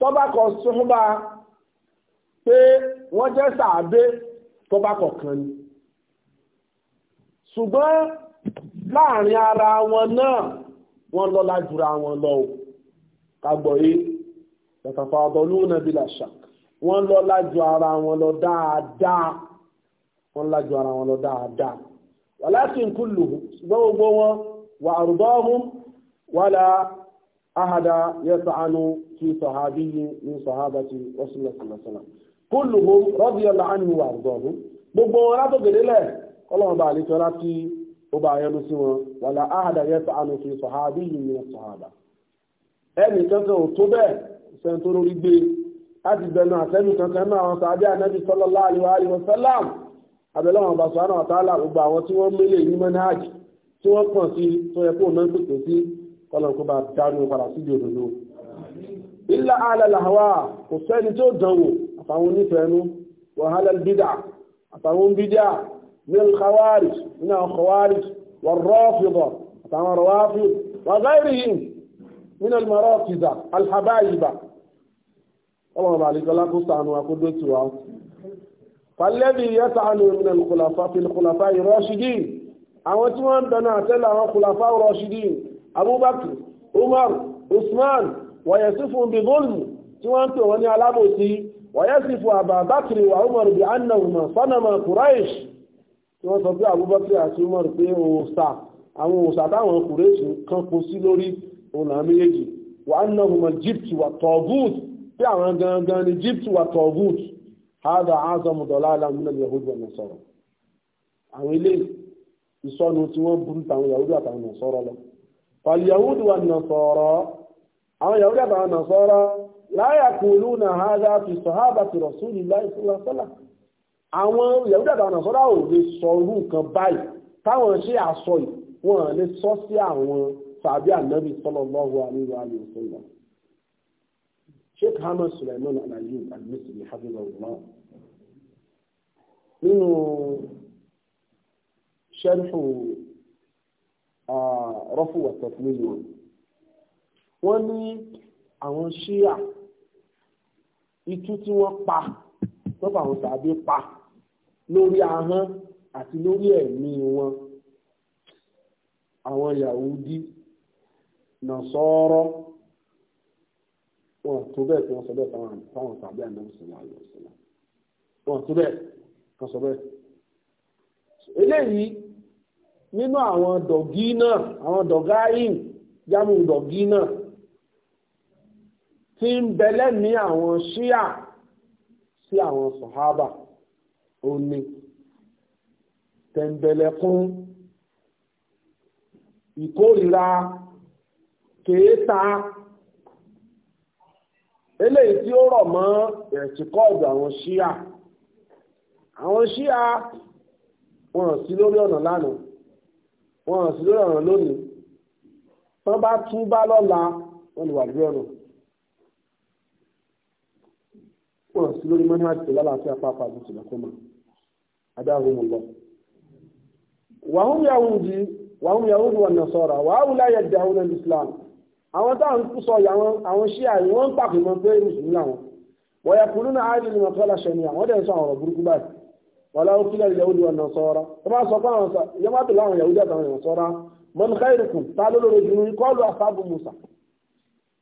tọ́ba kọ sọ́ba pé wọ́n jẹ́ sàábé tọ́ba kọ̀ọ̀kan ni ṣùgbọ́n láàrin ara wọn náà wọ́n lọ́lá jura wọn lọ o kagbọ̀ yìí yàtọ̀ fáwọn lónà bí la ṣak wọ́n lọ lájú ara wọn lọ dáadáa wọ́n ara wọn lọ dáadáa walakin kulluhum ṣùgbọ́n gbogbo wọn wà àrùbọ́hún wàlá ahada yas'anu fi sahabiyyin min sahabati rasulillah wà gbogbo wọn ọlọ́run bá àlejò láti ó bá yẹnu sí wọn wàlá ahada ẹnì bẹ́ẹ̀ gbé láti bẹnu àtẹ́bì kankan náà àwọn sàábẹ́ ànábì sallallahu alaihi wa sallam abẹ́lẹ́wọ̀n ọba sọ́nà ọ̀tàlá gbogbo àwọn tí wọ́n mélè ní manhaj tí wọ́n pọ̀ sí tó yẹ kó náà pèpè sí kọlọ̀kọ́ bá dárí padà síbi òdodo. illa ala lahwa kò sẹ́ni tó dánwò àtàwọn onífẹ̀ẹ́nu wàhálà bídà àtàwọn bídà min khawarij min khawarij wal rafida àtàwọn rọwáfì wà gáìrì yìí min al marafida ọlọ́run bá àlejò alákòóso àwọn akódó tì wá. falẹ́bí yẹta àlè òmìnira kòlàfà fìlì kòlàfà ìrọ́ṣídì àwọn tí wọ́n ń dáná àtẹ́lẹ̀ àwọn kòlàfà ìrọ́ṣídì abubakar umar usman wàyẹ̀sífù bíbólmù tí wọ́n ń pè wọ́n ní alábòsí wàyẹ̀sífù àbàbákiri wà umar bí annahuma sanama quraish tí wọ́n sọ pé abubakar àti umar pé òòsà àwọn òòsà táwọn quraish kan kó sí lórí òun méjèèjì wà annahuma jìbìtì tí àwọn gangan ní Egypt wà tọ̀gùt hádà azọmùdọ̀lá alámúlẹ̀ yahudu ọ̀nà sọ̀rọ̀ àwọn ilé ìsọnù tí wọ́n burú yahudu àtàwọn ọ̀nà sọ̀rọ̀ lọ. pàlì yahudu ọ̀nà sọ̀rọ̀ àwọn yahudu àtàwọn ọ̀nà sọ̀rọ̀ láyà na hádà fi sọ̀hábà ti rọ̀súlì láì àwọn yahudu àtàwọn ọ̀nà sọ̀rọ̀ ò lè sọ irú nǹkan báyìí táwọn ṣe sheikh hamad suleiman alayub al-misri hafizahullah nínú sharhu rọ́fù wàtẹ́fúnlẹ̀ wọn wọ́n ní àwọn ṣíà itú tí wọ́n pa tọ́pọ̀ àwọn sàbí pa lórí ahọ́n àti lórí ẹ̀mí wọn àwọn yahudi nàṣọ́rọ́ wọn tó bẹ́ẹ̀ tí wọ́n sọ bẹ́ẹ̀ táwọn tàbí ànábì sọ̀rọ̀ àyọ̀ sọ̀rọ̀ wọn tó bẹ́ẹ̀ kan sọ bẹ́ẹ̀. eléyìí nínú àwọn dọ̀gí náà àwọn dọ̀gáyìn jámù dọ̀gí náà ti ń bẹ lẹ́mìí àwọn ṣíà sí àwọn sọ̀hábà òní tẹ̀m̀bẹ̀lẹ̀kún ìkórìíra kèéta eléyìí tí ó rọ̀ mọ́ ẹ̀sìnkọ́ ọ̀dọ̀ àwọn ṣíà àwọn ṣíà wọn sí lórí ọ̀nà lánàá wọn sí lórí ọ̀nà lónìí wọ́n bá tún bá lọ́la wọ́n lè wà lórí ọ̀nà wọn sí lórí mọ́nà àti ìlànà àti àpapọ̀ àti ìtìlẹ́kọ́mọ́ adáhùn mọ̀ lọ. wàhùn yahudi wàhùn yahudi wà nasara wàhùn láyé dàhùn ní islam àwọn táwọn kú sọ yà wọn àwọn ṣíà yìí wọ́n ń pàpè mọ́ pé mùsùlùmí làwọn wọ́n yẹ kúrú náà áyè ni wọ́n tọ́lá ṣẹ ni àwọn dẹ̀ ń sọ àwọn ọ̀rọ̀ burúkú báyìí wọ́n láwọn kílẹ̀ yahudi wọn náà sọ́ra wọ́n bá sọ fáwọn yamadu láwọn yahudi àtàwọn yàn sọ́ra mọ́n káyìrìkù tá ló lóore jù ní kọ́ọ̀lù asáàbù musa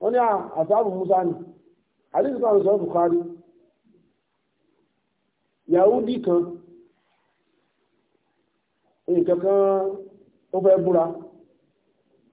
wọ́n ní asáàbù musa ni àdìsí kan sọ bukari yahudi kan nǹkan kan ó fẹ́ búra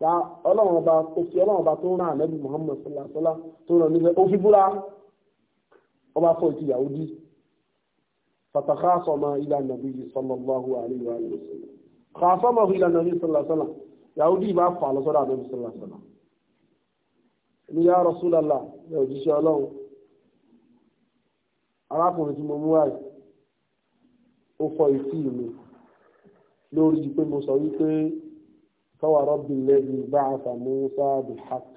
ta ọlọ́run ọba tó fi ọlọ́run ọba tó rán ànábì muhammad sallallahu alaihi wasallam tó rán nífẹ̀ẹ́ ó fi búra ọba fọ ìtì yahudi fàtàkà sọmọ ilà nàbí sallallahu alaihi wa sallam kà sọmọ ilà nàbí sallallahu alaihi wa sallam yahudi bá fà lọ sọ́dọ̀ ànábì sallallahu alaihi wa sallam ní yá rasulallah ẹ òjíṣẹ́ arákùnrin tí mo mú wáyé ó fọ ìtì mi lórí pé mo sọ wípé fawarabbi alladhi ba'atha Musa bil-haqq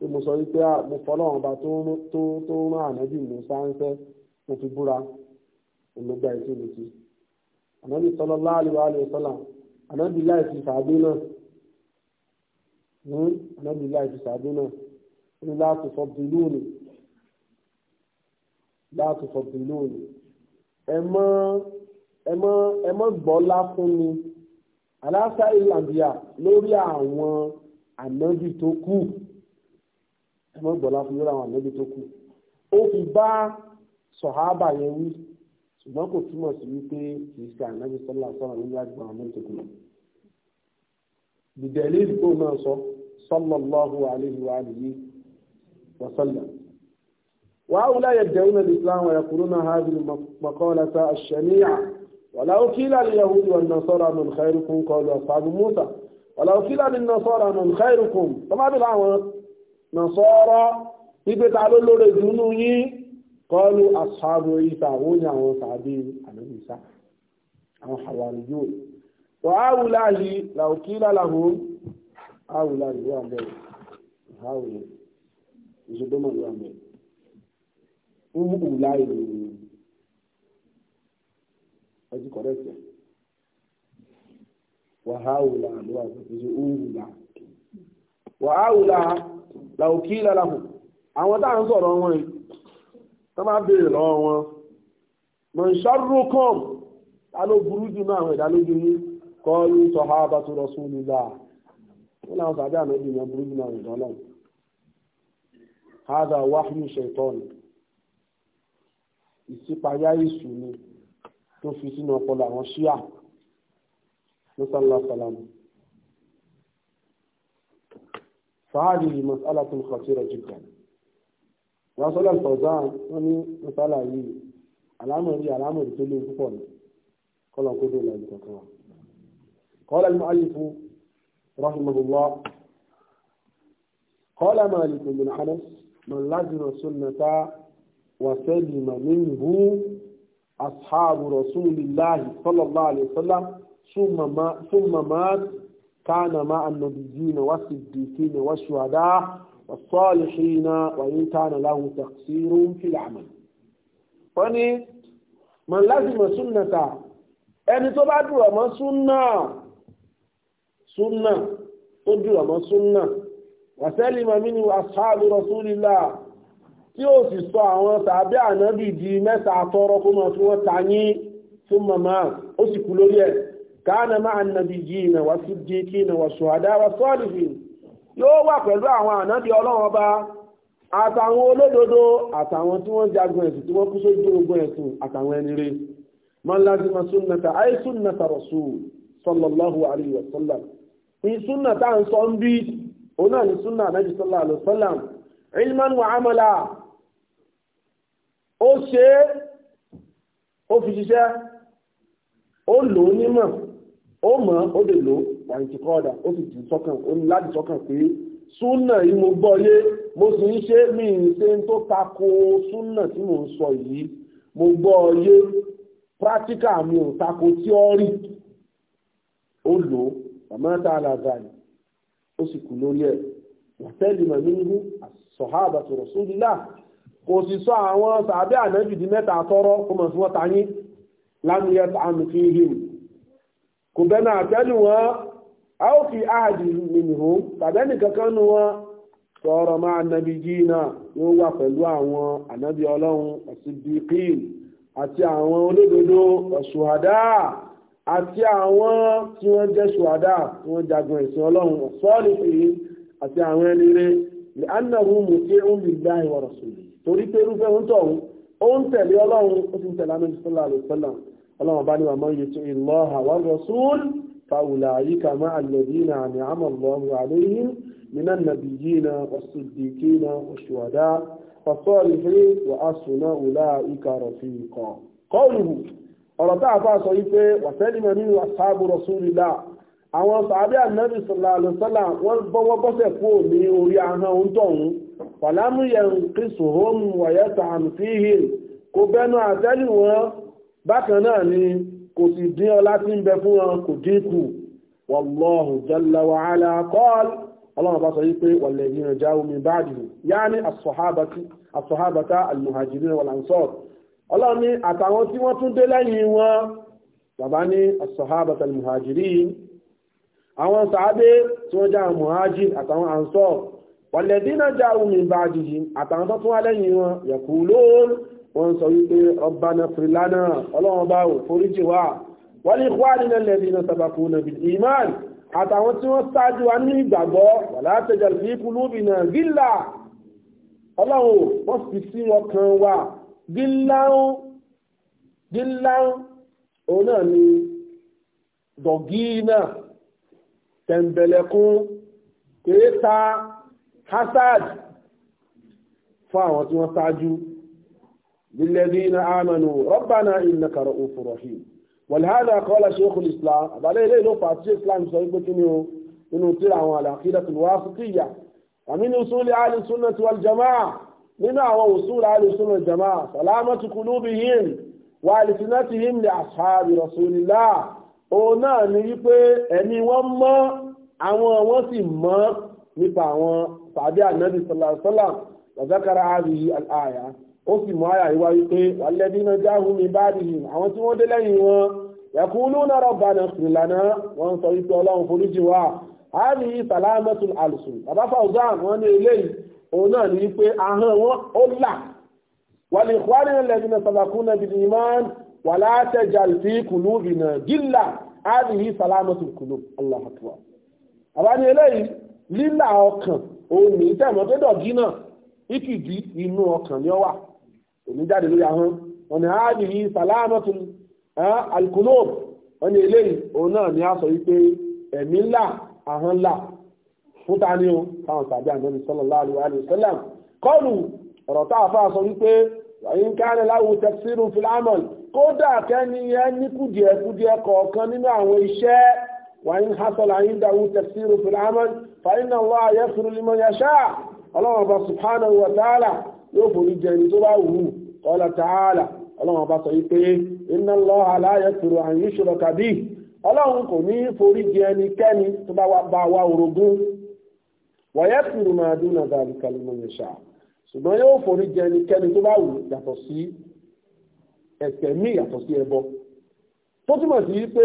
pé mo sọ wípé ah, mo fọlọ́run ọba tó rán ànábì Musa ń fẹ́ mo fi búra mo gba ètò ìlòtí ànábì sallallahu alaihi wa sallam ànábì láì fi sàádé náà ní hmm? ànábì láì fi sàádé náà ó ní la tufaddiluni la tufaddiluni ẹ mọ́ ẹ mọ́ ẹ mọ́ gbọ́lá fún mi aláṣà ìlànbíà lórí àwọn ànábì tó kù ẹ mọ́ gbọ́lá fún lórí àwọn ànábì tó kù ó fi bá sọ̀hábà yẹn wí ṣùgbọ́n kò túmọ̀ sí wípé kì í ṣe ànábì sọ́lá sọ́lá nínú àgbà àwọn ànábì tó kù lọ. ìdìbò náà sọ sallallahu alayhi wa alihi wa sallam. وهؤلاء يدعون الإسلام ويقولون هذه المقولة الشنيعة ولا أكيل لليهود والنصارى من خيركم قالوا أصحاب موسى ولا أكيل للنصارى من خيركم طبعا بالعوام نصارى يبقى تعالوا له رجلوني قالوا أصحاب عيسى هون عن صحابين عن عيسى عن حواريون وهؤلاء لو قيل لهم هؤلاء هو أمين هؤلاء يجدون الأمين هم أولئك ọtí kọ̀dẹ́tẹ̀ wàháwùlà ló wà lóṣù òwúlà wàháwùlà làókì lálàfò àwọn táà ń sọ̀rọ̀ wọn yìí tó máa béèrè lọ́wọ́ wọn mọ̀nsárùkọ́m ta ló burú jù náà àwọn ìdálójú yín kọ́ọ̀lù sọ̀hábà tó rọ̀sùn nílá wọn làwọn sàbí àná ìdìyàn burú jù náà àwọn ìdánlọ́wọ́ hádà wáhùn ṣètọ́nù ìsípayá ìsù ni tó fi sínú ọpọlọ àwọn ṣíà lọ́sàlọ́sàlám. fàájì yìí masala tó ń kọ̀tìrọ̀ jìgbà wọ́n sọ́lá ìfọ̀zá wọn ní masala yìí alámọ̀rí alámọ̀rí tó léwu púpọ̀ ni kọ́lọ̀ kó dé ìlànà kankan wa. kọ́lá ní alifu rahimahullah kọ́lá malik bin anas man lazima sunnata wa sẹ́lìmà minhu أصحاب رسول الله صلى الله عليه وسلم ثم ما ثم مات كان مع النبيين والصديقين والشهداء والصالحين وإن كان له تقصير في العمل. فني من لازم سنة أن tó bá dùrọ̀ mọ́ súnà súnà tó dùrọ̀ mọ́ súnà wàsẹ́lì mọ́mí ni tí ó sì sọ àwọn tàbí ànábì di mẹ́ta tọrọ kó mọ̀ tí wọ́n ta yín tó mọ̀mọ́ ó sì kú lórí ẹ̀ káàna máa nàbì yìí nà wá sí di kí nà wá ṣùhádá wá sọ́ọ̀lìfì yóò wà pẹ̀lú àwọn ànábì ọlọ́run ọba àtàwọn olódodo àtàwọn tí wọ́n jagun ẹ̀sìn tí wọ́n kú sójú ogun ẹ̀sìn àtàwọn ẹni sunna alayhi wa ilman wa ó ṣe é ó fi ṣiṣẹ́ ó lò ó nímọ̀ ó mọ̀ ó lè lò wàyìntì kọ́ọ̀dà ó sì jù sọ́kàn ó ní láti sọ́kàn pé súnà yìí mo gbọ́ yé mo sì ń ṣe mí ṣe tó tako súnà tí mò ń sọ yìí mo gbọ́ yé pírátíkà mi ò tako tíọ́rì ó lò ó màmá tá a làzà yìí ó sì kú lórí ẹ̀ wàtẹ́lì màmí ń gún àṣọ̀hábà tó rọ̀ sórí láà kò sì sọ àwọn sàbẹ́ ànábì di mẹ́ta tọ́rọ́ kó mọ̀ sí wọ́n ta yín lámúyẹ àmì fi hìm kò bẹ́nà àtẹ́lù wọn a ó fi áhàdì nìyó tàbẹ́ nìkankan nu wọn sọ̀rọ̀ máa nàbí jíìnà yóò wà pẹ̀lú àwọn ànábì ọlọ́run as-siddiqin àti àwọn olódodo ṣùhàdá àti àwọn tí wọ́n jẹ́ ṣùhàdá tí wọ́n jagun ẹ̀sìn ọlọ́run sọ́ọ̀lì fi àti àwọn ẹni rẹ̀ lẹ́ánàrú mùtí ń bìláhì wa rasuli torí pé irúfẹ́ ń tọ̀hún ó ń tẹ̀lé ọlọ́run ó sì ń tẹ̀lé anábì sọ́lá àlùsọ́lá ọlọ́run bá ní wà mọ́ yẹtù ìlọ́hà wà rọ̀súl fàwùlà àyíká má àlẹ́dínà àmì àmọ̀lọ́run àléyìn nínà nàbìyínà ọ̀sùdìkínà ọ̀ṣùwàdá ọ̀sọ́ọ̀lùfẹ́ wà á sùnà òlà ìkà rọ̀fì kọ̀. kọ́ọ̀lù ọ̀rọ̀ tá a fà sọ yìí pé àwọn sàbí ànábì sọ̀lá àlùsọ́lá wọ́n bọ́sẹ̀ kúrò ní orí ahọ́n òǹtọ̀hún fàlámù yẹn kí sòhómù wàyẹ́ tààmù sí hìn kò bẹ́nu àtẹ́lù wọn bákan náà ni kò sì dín ọlá tí ń bẹ fún wọn kò dínkù wàlọ́hù jalla wa ala ọlọ́run bá sọ yí pé wàlẹ̀ yìí rẹ̀ jáwó mi báàdì yáni àsọ̀hábàtà almuhajirin wal ọlọ́run ní àtàwọn tí wọ́n tún dé lẹ́yìn wọn bàbá ní àsọ̀hábàtà almuhajirin àwọn sàábé tí wọ́n já muhajir àtàwọn ansar wàlẹ̀dínà jáwù min ba'dihim àtàwọn tó tún wá lẹ́yìn wọn yaqulun wọ́n sọ wípé rabbana ighfir lana ọlọ́run bá wò foríjì wá wa li ikhwanina alladhina sabaquna bil iman àtàwọn tí wọ́n ṣáájú wa ní ìgbàgbọ́ wala tajal fi qulubina gílà ọlọ́run wọ́n fi sí ọkàn wa gíláhùn gíláhùn òun náà ni dọ̀gí náà tẹ̀m̀bẹ̀lẹ̀kún kèéta hasad fún àwọn tí wọ́n ṣáájú lilladhina amanu rabbana innaka ra'ufur rahim wàlhálà qala sheikhul islam àbálẹ́ ilé ìlú fàtí islam sọ wípé kí ni o nínú tíra àwọn al-aqidatul wasitiyya àmì ní usuli ahli sunnati wal jamaa nínú àwọn usul ahli sunnati jamaa salamatu qulubihim wa alsinatihim li ashabi rasulillah òun náà ni wípé ẹni wọ́n mọ́ àwọn wọ́n sì mọ́ nípa àwọn tàbí ànábì sọlá wàzákàrà àríyí àyà ó sì mú àyà yìí wáyé pé wàlẹ́bí náà jáhùn mi bá rí i àwọn tí wọ́n dé lẹ́yìn wọn yẹ̀kú lónà rọ̀bà náà sì lànà wọ́n sọ wípé ọlọ́run foríjì wá àríyí sàlámẹ́tù àlùsùn bàbá fauzan wọn ní eléyìí òun náà ní wípé ahọ́n wọn ó là wàlẹ̀ ìkwárí lẹ́bí náà sàbàkú náà bìí imán wàlá tẹ̀jà lílà ọkàn òun ní tẹ̀mọ́ tó dọ̀gí náà ìkìdí inú ọkàn ni ọ wà òní jáde lórí ahọ́n wọn ni áàdì yìí sàlámọ́tò alkulob wọn ni eléyìí òun náà ni a sọ wípé ẹ̀mí ńlá ahọ́n ńlá ni o táwọn sàbí àjọyìn sallallahu kọlù a sọ wípé kódà kẹ́ni ní kùdìẹ̀kùdìẹ̀ kọ̀ọ̀kan nínú àwọn iṣẹ́ wàyín hasọ̀lá fàyínà lọ́ àyẹ́fìrú limọ́ yàṣá ọlọ́run ọba subhanahu wa ta'ala yóò forí jẹ tó bá wù ú ta'ala ọlọ́run ọba sọ wípé iná lọ́ àláyẹ́fìrú àyíṣòro kàbí ọlọ́run kò ní forí jẹ ẹnikẹ́ni tó bá wà orogún wàyẹ́fìrú máa dún náà dàbí kalimọ́ yàṣá ṣùgbọ́n yóò forí tó bá wù yàtọ̀ sí yàtọ̀ sí ẹbọ tó túmọ̀ sí pé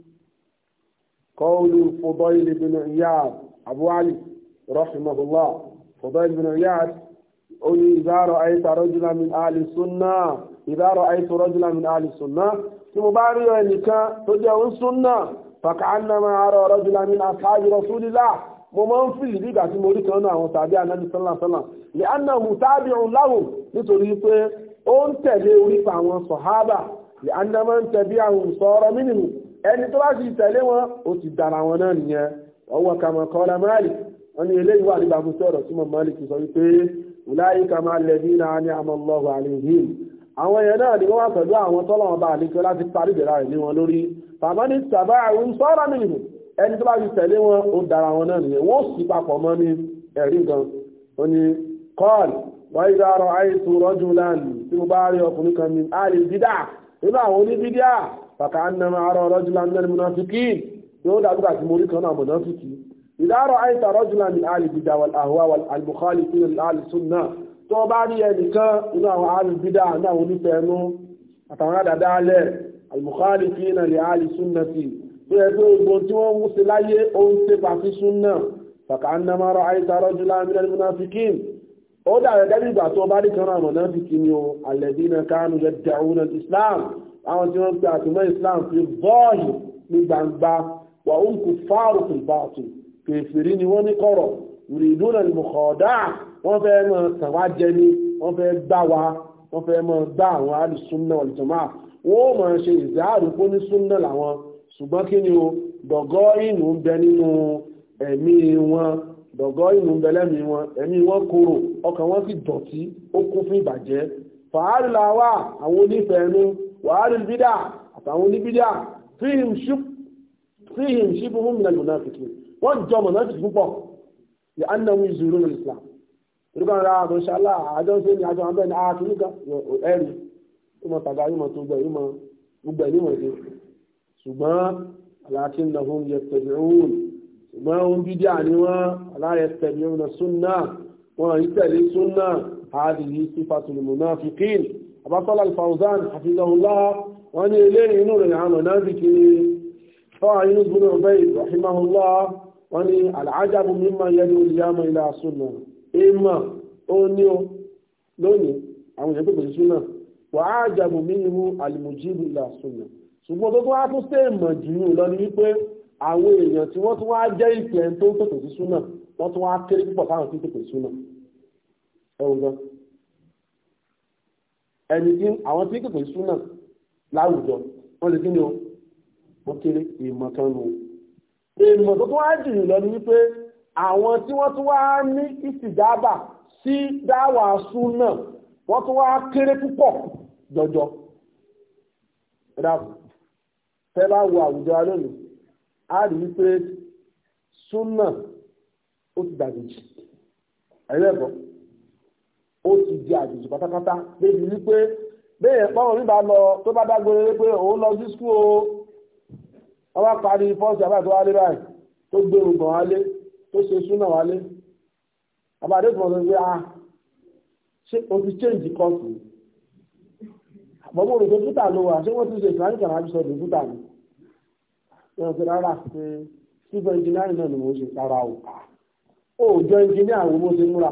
قول فضيل بن عياض أبو علي رحمه الله فضيل بن عياض قل إذا رأيت رجلا من أهل السنة إذا رأيت رجلا من أهل السنة تباري لك تجاه السنة فكأنما أرى رجلا من أصحاب رسول الله mo máa ń fi ìdí ìgbà tí mo rí kan náà àwọn tàbí anábì sánlá sánlá lè ánà hù tábì òun láhùn nítorí pé ó ń tẹ̀lé orípa àwọn sọ̀hábà lè ánà máa ń tẹ̀lé àwọn sọ̀rọ̀ mínìmù ẹni tó bá sì tẹ̀lé wọn ó ti dára wọn náà nìyẹn ọwọ́ kàmọ́ kọ́lá Malik wọn ni eléyìí wà nígbà mú sọ̀rọ̀ tí mọ̀ Malik sọ wípé wùláyé kàmá lẹ́bí náà ní amallahu alaihim àwọn èèyàn náà ni wọ́n wá pẹ̀lú àwọn tọ́lọ́wọ́n bá àlejò láti parí ìbẹ̀rẹ̀ rẹ̀ lé wọn lórí tàbí tàbá àwọn sọ́ọ́rọ̀ nìyí ẹni tó bá fi tẹ̀lé wọn ó dára wọn náà nìyẹn wọ́n sì papọ̀ mọ́ ní ẹ̀rí gan ó ní kọ́ọ̀lù wáyé dáárọ̀ àìsùn rọ́jùlán tí mo bá rí ọkùnrin kan ní àlè dídà nínú àwọn oníbídíà فكأنما أرى رجلا من المنافقين يقول أبو قاسم مريك أنا منافقي إذا رأيت رجلا من أهل البدع والأهواء والمخالفين لأهل السنة tó bá rí ẹnìkan inú àwọn alùbídà náà onífẹ́ ẹnu àtàwọn àdàdálẹ̀ al-mukhalifina li ahli sunnati tó yẹ pé gbogbo tí wọ́n ń ṣe láyé ó ń ṣe pàfi súnà fakannama ra'ayta rajulan minal munafiqin ó dàrẹ́ dábìgbà tó bá rí kan náà mọ̀nàfikì ni o alladhina kanu yad'una al-islam àwọn tí wọ́n ń pe àtìmọ́ islam fi bọ́ọ̀lù ní gbangba wà ó ń kú fáàrù fún báàtù kèfèrí ni wọ́n ní kọ̀rọ̀ rìdúnà ní mọ̀kọ́dá wọ́n fẹ́ mọ̀ tàn wá jẹ ni wọ́n fẹ́ gbá wa wọ́n fẹ́ mọ̀ gbá àwọn alùsùnà ọ̀lùtọ̀má wọ́n ó mọ̀ ṣe ìzáàrù kó ní súnà làwọn ṣùgbọ́n kí ni o dọ̀gọ́ ìnù ń bẹ nínú ẹ̀mí wọn dọ̀gọ́ ìnù ń bẹ lẹ́mí wọn ẹ̀mí wọn korò ọkàn wọn sì dọ̀tí ó kún fún ìbàjẹ́ fàárì làwà àwọn onífẹ̀ẹ́ wàhálì bídà àtàwọn oníbídà fíhìm ṣíbù mú mi lẹ́nu mùnáfìkì wọ́n jọ mùnáfìkì púpọ̀ yà á náwó ìzúrú ní Islam orúkọ ara àbò ṣálá àjọ ṣe ní àjọ àbẹ́ni àtúnú kan ẹ̀rí ìmọ̀ tàgá ìmọ̀ tó gbẹ̀ ìmọ̀ gbogbo ẹ̀ níwọ̀n ṣe ṣùgbọ́n aláàfin náà ń yẹ pẹ̀lú ṣùgbọ́n ohun bídíà àbátọ́lá alfawzan àti ìdáhùnlá wọ́n ní ilé inú rẹ̀ àwọn náàbìkì fọ́wà inú gbọ́nà ọ̀bẹ́ ìrọ̀hìmáhùnlá wọ́n ní alájábù mímọ̀ yẹni olùyàmọ̀ ilẹ̀ àsùnà ìmọ̀ ó ní o lónìí àwọn ìyẹn pẹ̀lú súnà wà á jàbù mímú alìmùjíbù ilẹ̀ àsùnà ṣùgbọ́n tó tó wá tún sẹ́ ìmọ̀ jù ú lọ ní wípé àwọn èèyàn tí wọ́n tún wá jẹ́ ìpẹ́ tó ń sí súnà wọ́n tún wá kéré púpọ̀ táwọn tó pèpè sí súnà ẹ̀wọ̀n gan ẹni tí àwọn tí kìkì súnà láwùjọ wọ́n lè kí ni o wọ́n kéré ìmọ̀ kan nù. ìmọ̀ tó tún wá jù lọ ni wípé àwọn tí wọ́n tún wá ní ìsìdábà sí dáwà súnà wọ́n tún wá kéré púpọ̀ jọjọ. tẹ́ bá wo àwùjọ lónìí a rí i pé súnà ó ti dàgbèjì ẹ̀rẹ́ ẹ̀kọ́ ó ti di àjèjì pátápátá débi wípé bẹ́ẹ̀ pọ́nrọ̀ nígbà lọ tó bá dágbére pé òun lọ sí skul o wọ́n bá parí fọ́ọ̀sì àbá tó wálé báyìí tó gbé ògbọ̀n wálé tó ṣe súnà wálé àbádé tó wọ́n pé a ah, ṣe o ti change course ni àbọ̀bọ̀ òròjò títà ló wà ṣé wọ́n ti ṣe islamic and abisọ ní títà ni wọ́n fi rárá pé civil engineering náà ni mo ṣe rárá o ò jọ engineer wo mo ṣe múra.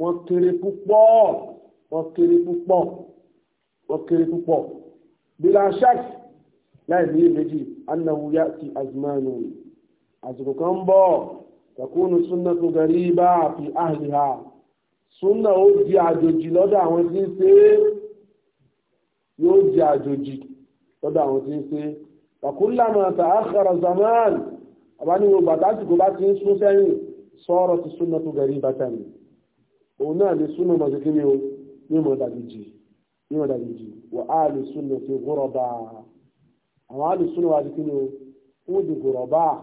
wọ́n kéré púpọ̀ wọ́n kéré púpọ̀ wọ́n kéré púpọ̀ bila shak láì ní méjì annahu ya'ti azmanu àsìkò kan bọ̀ takunu sunnatu gariba fi ahliha sunna ó di àjòjì lọ́dọ̀ àwọn tí ń ṣe é yóò di àjòjì lọ́dọ̀ àwọn tí ń ṣe é wàkúlàmà tààkàrà zaman àbániwò gbàtà àsìkò bá ti ń sún sẹ́yìn sọ̀rọ̀ ti sunnatu garibatan ni òun náà lè súnà mọ̀ kékeré ni o ní ìmọ̀ dàbíjì ní ìmọ̀ dàbíjì wà á lè súnà fi gbọ́rọ̀ bá a àwọn á lè súnà wà kékeré ni o wọ́n di gbọ́rọ̀ bá a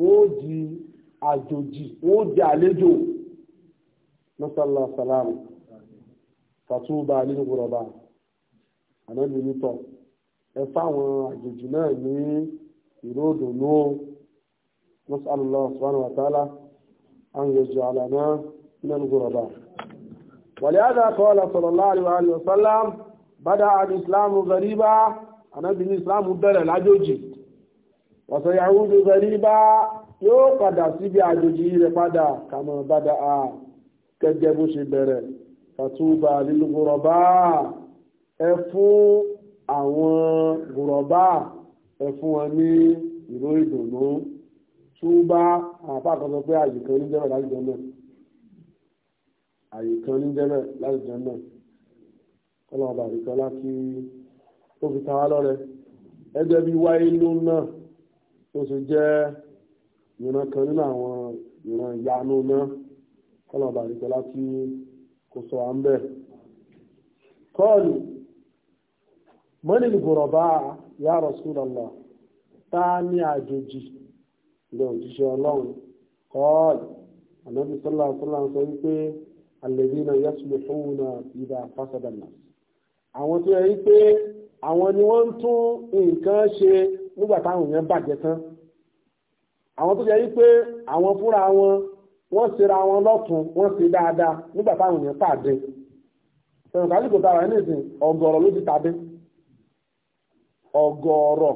wọ́n di àjòjì wọ́n di àlejò nasala salamu fatuba nínú gbọ́rọ̀ bá a àná lè ní tọ́ ẹ fáwọn àjòjì náà ní ìró òdòdó nasalala subhanahu wa ta'ala an yaj'alana. من الغرباء ولهذا قال صلى الله عليه وسلم بدأ الإسلام غريبا أنا بالإسلام الدرع العجوجي وسيعود غريبا yóò padà síbi àjòjì rẹ̀ padà kàmọ̀ bàdà á gẹ́gẹ́ bó ṣe bẹ̀rẹ̀ fàtúbà lílu gùrọ̀bá ẹ fún àwọn gùrọ̀bá ẹ fún wọn ní ìró ìdùnnú túbá àpá kan sọ pé àyè kan ní jẹ́rọ̀ láti jẹ́ náà àyè kan ní jẹ́bẹ̀ láì jẹun náà kọ́lọ́ ọba àríkọ́lá kí ó fi ta wá lọ́rẹ ẹgbẹ́ bíi wáyé ló náà tó ṣe jẹ́ ìran kan nínú àwọn ìran ìyanu náà kọ́lọ́ ọba àríkọ́lá kí kò sọ à ń bẹ̀. kọ́ọ̀lù mọ́nì ìgbòròbá ya ta ni àjòjì lè òjíṣẹ́ ọlọ́run kọ́ọ̀lù ànábì sallallahu alaihi sọ wípé. alladhina yuslihuna idha fasada an-nas àwọn tó yẹ yí pé àwọn ni wọ́n ń tún nǹkan ṣe nígbà táwọn èèyàn bàjẹ́ tán àwọn tó yẹ yí pé àwọn fúnra wọn wọ́n ṣera wọn lọ́tún wọ́n ṣe dáadáa nígbà táwọn èèyàn tàdé ẹ̀rùn kálíkò tara ẹni ìsìn ọ̀gọ̀rọ̀ ló ti tàdé ọ̀gọ̀rọ̀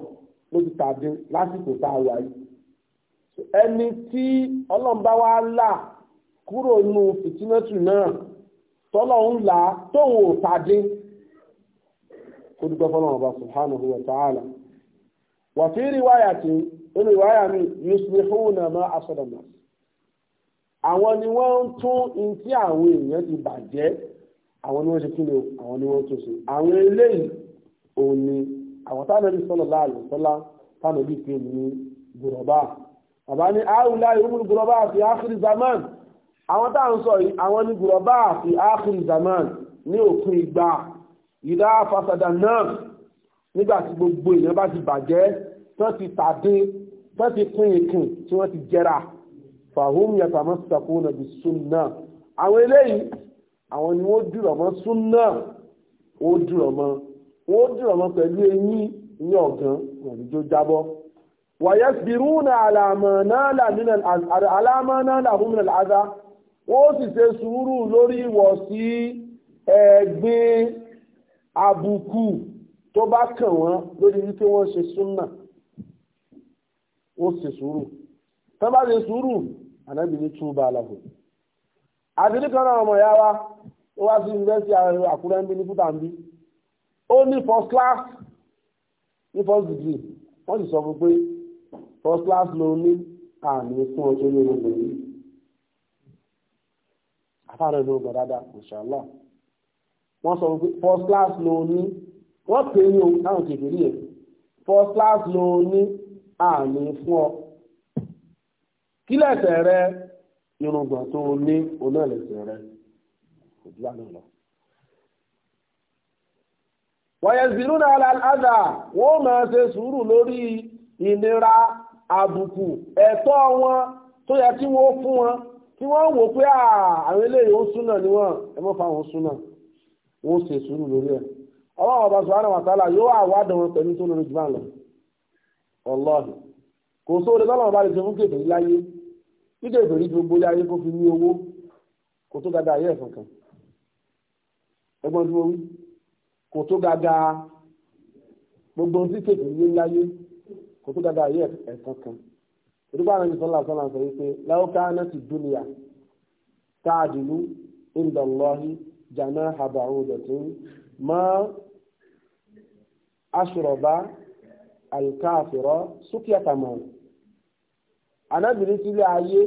ló ti tàdé lásìkò tá a wà yìí ẹni tí ọlọ́mbá wa là kúrò nínú fìtínẹ́tù náà tọ́lọ̀ ń là á tóun ò tàdé kó dúpẹ́ fọlọ́run ọba subhanahu wa ta'ala wa fi riwayatin nínú ìwáyà mi yuslihuna ma afsada nas àwọn ni wọ́n ń tún in tí àwọn èèyàn ti bàjẹ́ àwọn ni wọ́n ṣe kí ni àwọn ni wọ́n tún ṣe àwọn eléyìí òun àwọn táwọn ẹbí sọlọ láàyè sọlá táwọn ẹbí pè ní gbòròbá bàbá ní àwùlá ìhùmùrù gbòròbá àti àkìrì zaman àwọn tá à ń sọ yìí àwọn ní gùrọ̀bá àti áàkiri zaman ní òpin ìgbà ìdá fasada náà nígbà tí gbogbo èèyàn bá ti bàjẹ́ tán ti tàdé tán ti pín ìkùn tí wọ́n ti jẹra fàhùn yàtọ̀ àmọ́ sàkó náà bí súnà àwọn eléyìí àwọn ni wọ́n dúró mọ́ súnà wọ́n dúró mọ́ wọ́n dúró mọ́ pẹ̀lú eyín ní ọ̀gán wọn jábọ́ wàyẹ́sì bírúnà àlàmọ́ náà làhùn náà àdá wọ́n sì ṣe sùúrù lórí ìwọ̀sí ẹ̀gbin àbùkù tó bá kàn wọ́n lórí wípé wọ́n ṣe súnà wọ́n ṣe sùúrù tó bá ṣe sùúrù ànábì ní túbà àlàfo àdìrí kan náà ọmọ ìyá wa ó wá sí yunifásitì àkúrẹ́ ń bí ní fúta ń bí ó ní first class ní first degree wọ́n sì sọ fún pé first class ló ní àmì fún ọjọ́ lórí ọgbọ̀n yìí àfáàrẹ̀ ló gbà dáadáa inshallah wọ́n sọ pé first class ló ní wọ́n pè é ní ohun táwọn kèké rí ẹ̀ first class ló ní àmì fún ọ kí lẹ́sẹ̀ rẹ irùngbọ̀n tó o ní oná lẹ́sẹ̀ rẹ kò dí àná lọ. wọ̀nyẹ̀sìrú náà lálàdà wọ́n máa ṣe sùúrù lórí ìnira àbùkù ẹ̀tọ́ wọn tó yẹ kí wọ́n fún wọn tí wọ́n wò pé àwọn eléyìí ó súnà ni wọ́n ẹ mọ́ fáwọn súnà wọ́n ṣe sùúrù lórí ẹ̀ ọlọ́run ọba yóò àwádọ̀ wọn pẹ̀lú tó lórí jùlọ lọ ọlọ́run kò sóore lọ́lọ́run bá lè ṣe fún láyé gbogbo láyé kó fi ní owó kò tó gàgà ayé ẹ̀sán kan ẹgbọ́n tí nígbà náà sọlá sọlá sọ wípé láwùká náà ti dúnìyà táàdìlú ìndàlọ́hí jàná àbàrò dọ̀tún mọ́ aṣọ̀rọ̀bá alkaafirọ́ súkìá tàmọ̀ anábìrin sílé ayé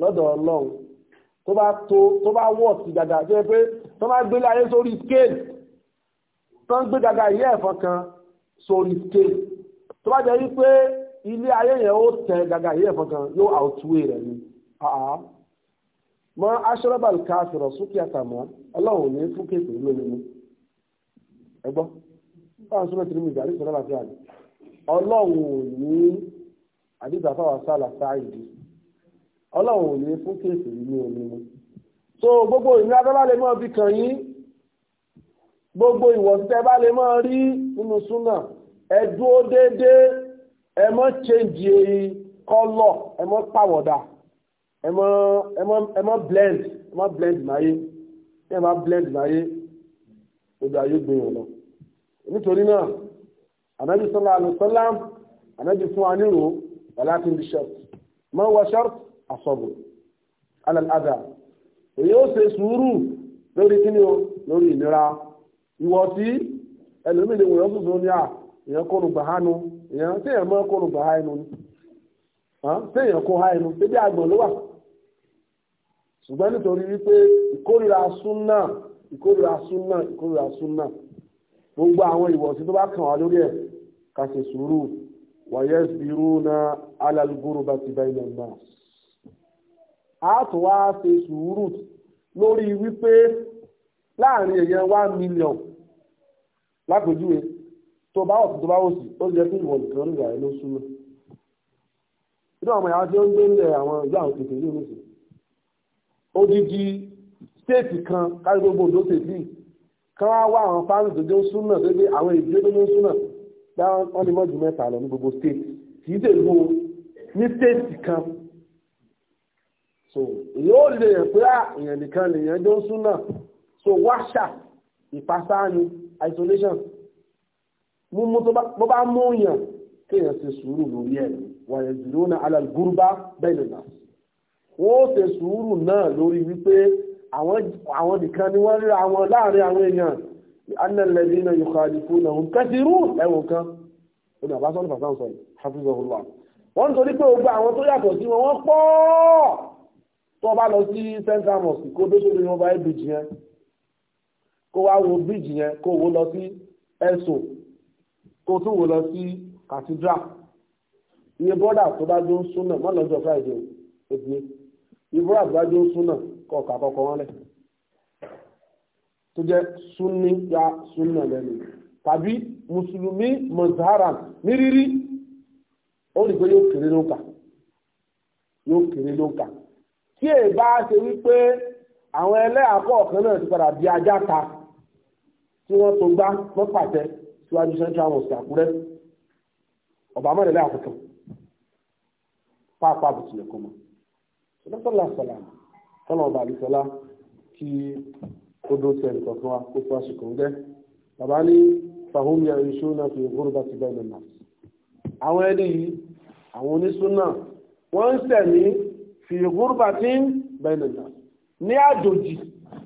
lọ́dọ̀ ọlọ́run tó bá tó tó bá wọ̀ sí gàgà jẹ́ pé tó bá gbélé ayé sórí scale tó ń gbé gàgà yìí ẹ̀fọn kan sórí scale tó bá jẹ́ wípé ilé ayé yẹn ó tẹ gàgà yìí ẹ̀fọ́ yóò àwùtúwé rẹ̀ ni mọ aṣọ́rọ́bàlì ká sọ̀rọ̀ sókè àtàmọ́ ọlọ́run ní fún kéèké lónìí ni ẹ gbọ́ báwọn sọ́nà tìrìmù ìgbà àdìsọ́ náà fíà ọlọ́run ò ní àdìsọ́ àfáwà sálà sáàyè ọlọ́run ò ní fún kéèké ní omi so gbogbo ìnira tó bá lè mọ́ bí kàn yín gbogbo ìwọ̀sí bá lè mọ́ rí nínú súnà ẹ dúró déédéé ẹ mọ́ change kọ́lọ̀ ẹ mọ́ pàwọ̀dà ẹ mọ́ ẹ mọ́ ẹ mọ́ blend ẹ mọ́ blend máyé ẹ mọ́ blend máyé gbogbo ayé gbìyànjú lọ. nítorí náà ànábi sọlá àlùsọlá ànábi fún wa nírò wàlákin bí short mọ́ wọ short àsọ̀bù alàlàdà èyí ó ṣe sùúrù lórí kíni o lórí ìnira ìwọ̀sí ẹlòmíì lè wòyọ́ tuntun ní à. èèyàn kóru gbàhánu èèyàn téèyàn mọ́ kóru gbàhá ẹnu ni téèyàn kó há ẹnu débi àgbọ̀n ló wà ṣùgbọ́n nítorí wípé ìkórira súnà ìkórira súnà ìkórira súnà gbogbo àwọn ìwọ̀sí tó bá kàn wá lórí ẹ̀ ká ṣe sùúrù wàyẹ́ sbírú na alálùgbòrò bá ti bẹ́ẹ̀ lọ́nà. a tún wá ṣe sùúrù lórí wípé láàrin èèyàn one million lápèjúwe tó bá wọ̀ tó bá wọ̀ sí ó yẹ kí ìwọ̀n nìkan nígbà rẹ ló súnmọ́ nínú àwọn ìyàwó tí ó ń gbé nílẹ̀ àwọn ìlú àwọn tètè ní oríṣi odidi stéètì kan kárí gbogbo òdó tètè kan wá wá àwọn fáwọn tó jẹ́ súnà tó jẹ́ àwọn ìdílé tó jẹ́ súnà dá wọn ní mọ́jú mẹ́ta lọ ní gbogbo stéètì kì í tèlú o ní stéètì kan so yóò lè yàn pé ah, èèyàn nìkan lèèyàn jẹ́ súnà so wáṣà ìpasánu isolation mímú tó bá mú yàn kéèyàn ṣe sùúrù lórí ẹ̀ wàyẹ̀ dúró náà alàlùbúrúbá bẹ́ẹ̀ nìyà wọ́n ṣe sùúrù náà lórí wípé àwọn nìkan ni wọ́n ríra wọn láàrin àwọn èèyàn annalẹ́bí náà yóò kàlí fún náà ń kẹ́sìrú ẹ̀wọ̀n kan ó ní àbásọ́lù fàṣà ń sọ yìí hafizahullah wọ́n torí pé gbogbo àwọn tó yàtọ̀ sí wọn wọ́n pọ̀ tó bá lọ sí central mosque kó dé sórí wọn bá ẹ́ bíjì yẹn kó wá wo bíjì yẹn kó wo lọ sí ẹ̀sùn kó tún wò lọ sí cathedral iye bọ́dà tó bá jó ń sún náà mọ́ lọ́jọ́ friday ó ti yé iye bọ́dà tó bá jó ń sún náà kọ́ ọ̀kà kọ́kọ́ wọn lẹ̀ tó jẹ́ sunni ya sunna lẹ́nu tàbí mùsùlùmí mọ̀zára nírírí ó rí pé yóò kéré ló ń kà yóò kéré ló ń kà tí èyí bá ṣe wípé àwọn ẹlẹ́yà kọ̀ọ̀kan náà ti padà di ajá ta tí wọ́n tó gbá wọ́n pàtẹ́ síwájú central mosque àkúrẹ́ ọba amọ̀rẹ̀lẹ̀ àkọ́kọ́ pápá àbùtìlẹ̀ kọ́ mọ́ sọlọ́sọlá sọlá sọlá ọba àbísọlá kí ó dó sẹ́ni kọ̀ọ̀kan wa kó fún àṣekùn gẹ́ bàbá ní fàhómi àìṣó náà fi gbọ́dọ̀ bá ti bẹ́ẹ̀ náà àwọn ẹni yìí àwọn onísúnà wọ́n ń sẹ̀mí fi gbọ́dọ̀ tí ń bẹ́ẹ̀ náà ní àjòjì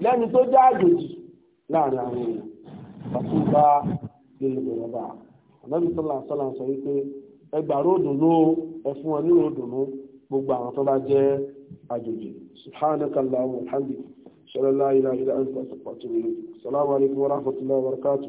lẹ́ni tó jẹ́ àjòjì láàrin àwọn èèyàn pàtó lórí ìgbìmọ̀ bá ànábì sọlá sọlá sọ wípé ẹgbà róòdùn ló ẹfún ọ ní róòdùn ló gbogbo àwọn tó bá jẹ́ àjòjì subhanakallahu walhamdulilayi sọlá ilaha illa anta wa atubu ilayk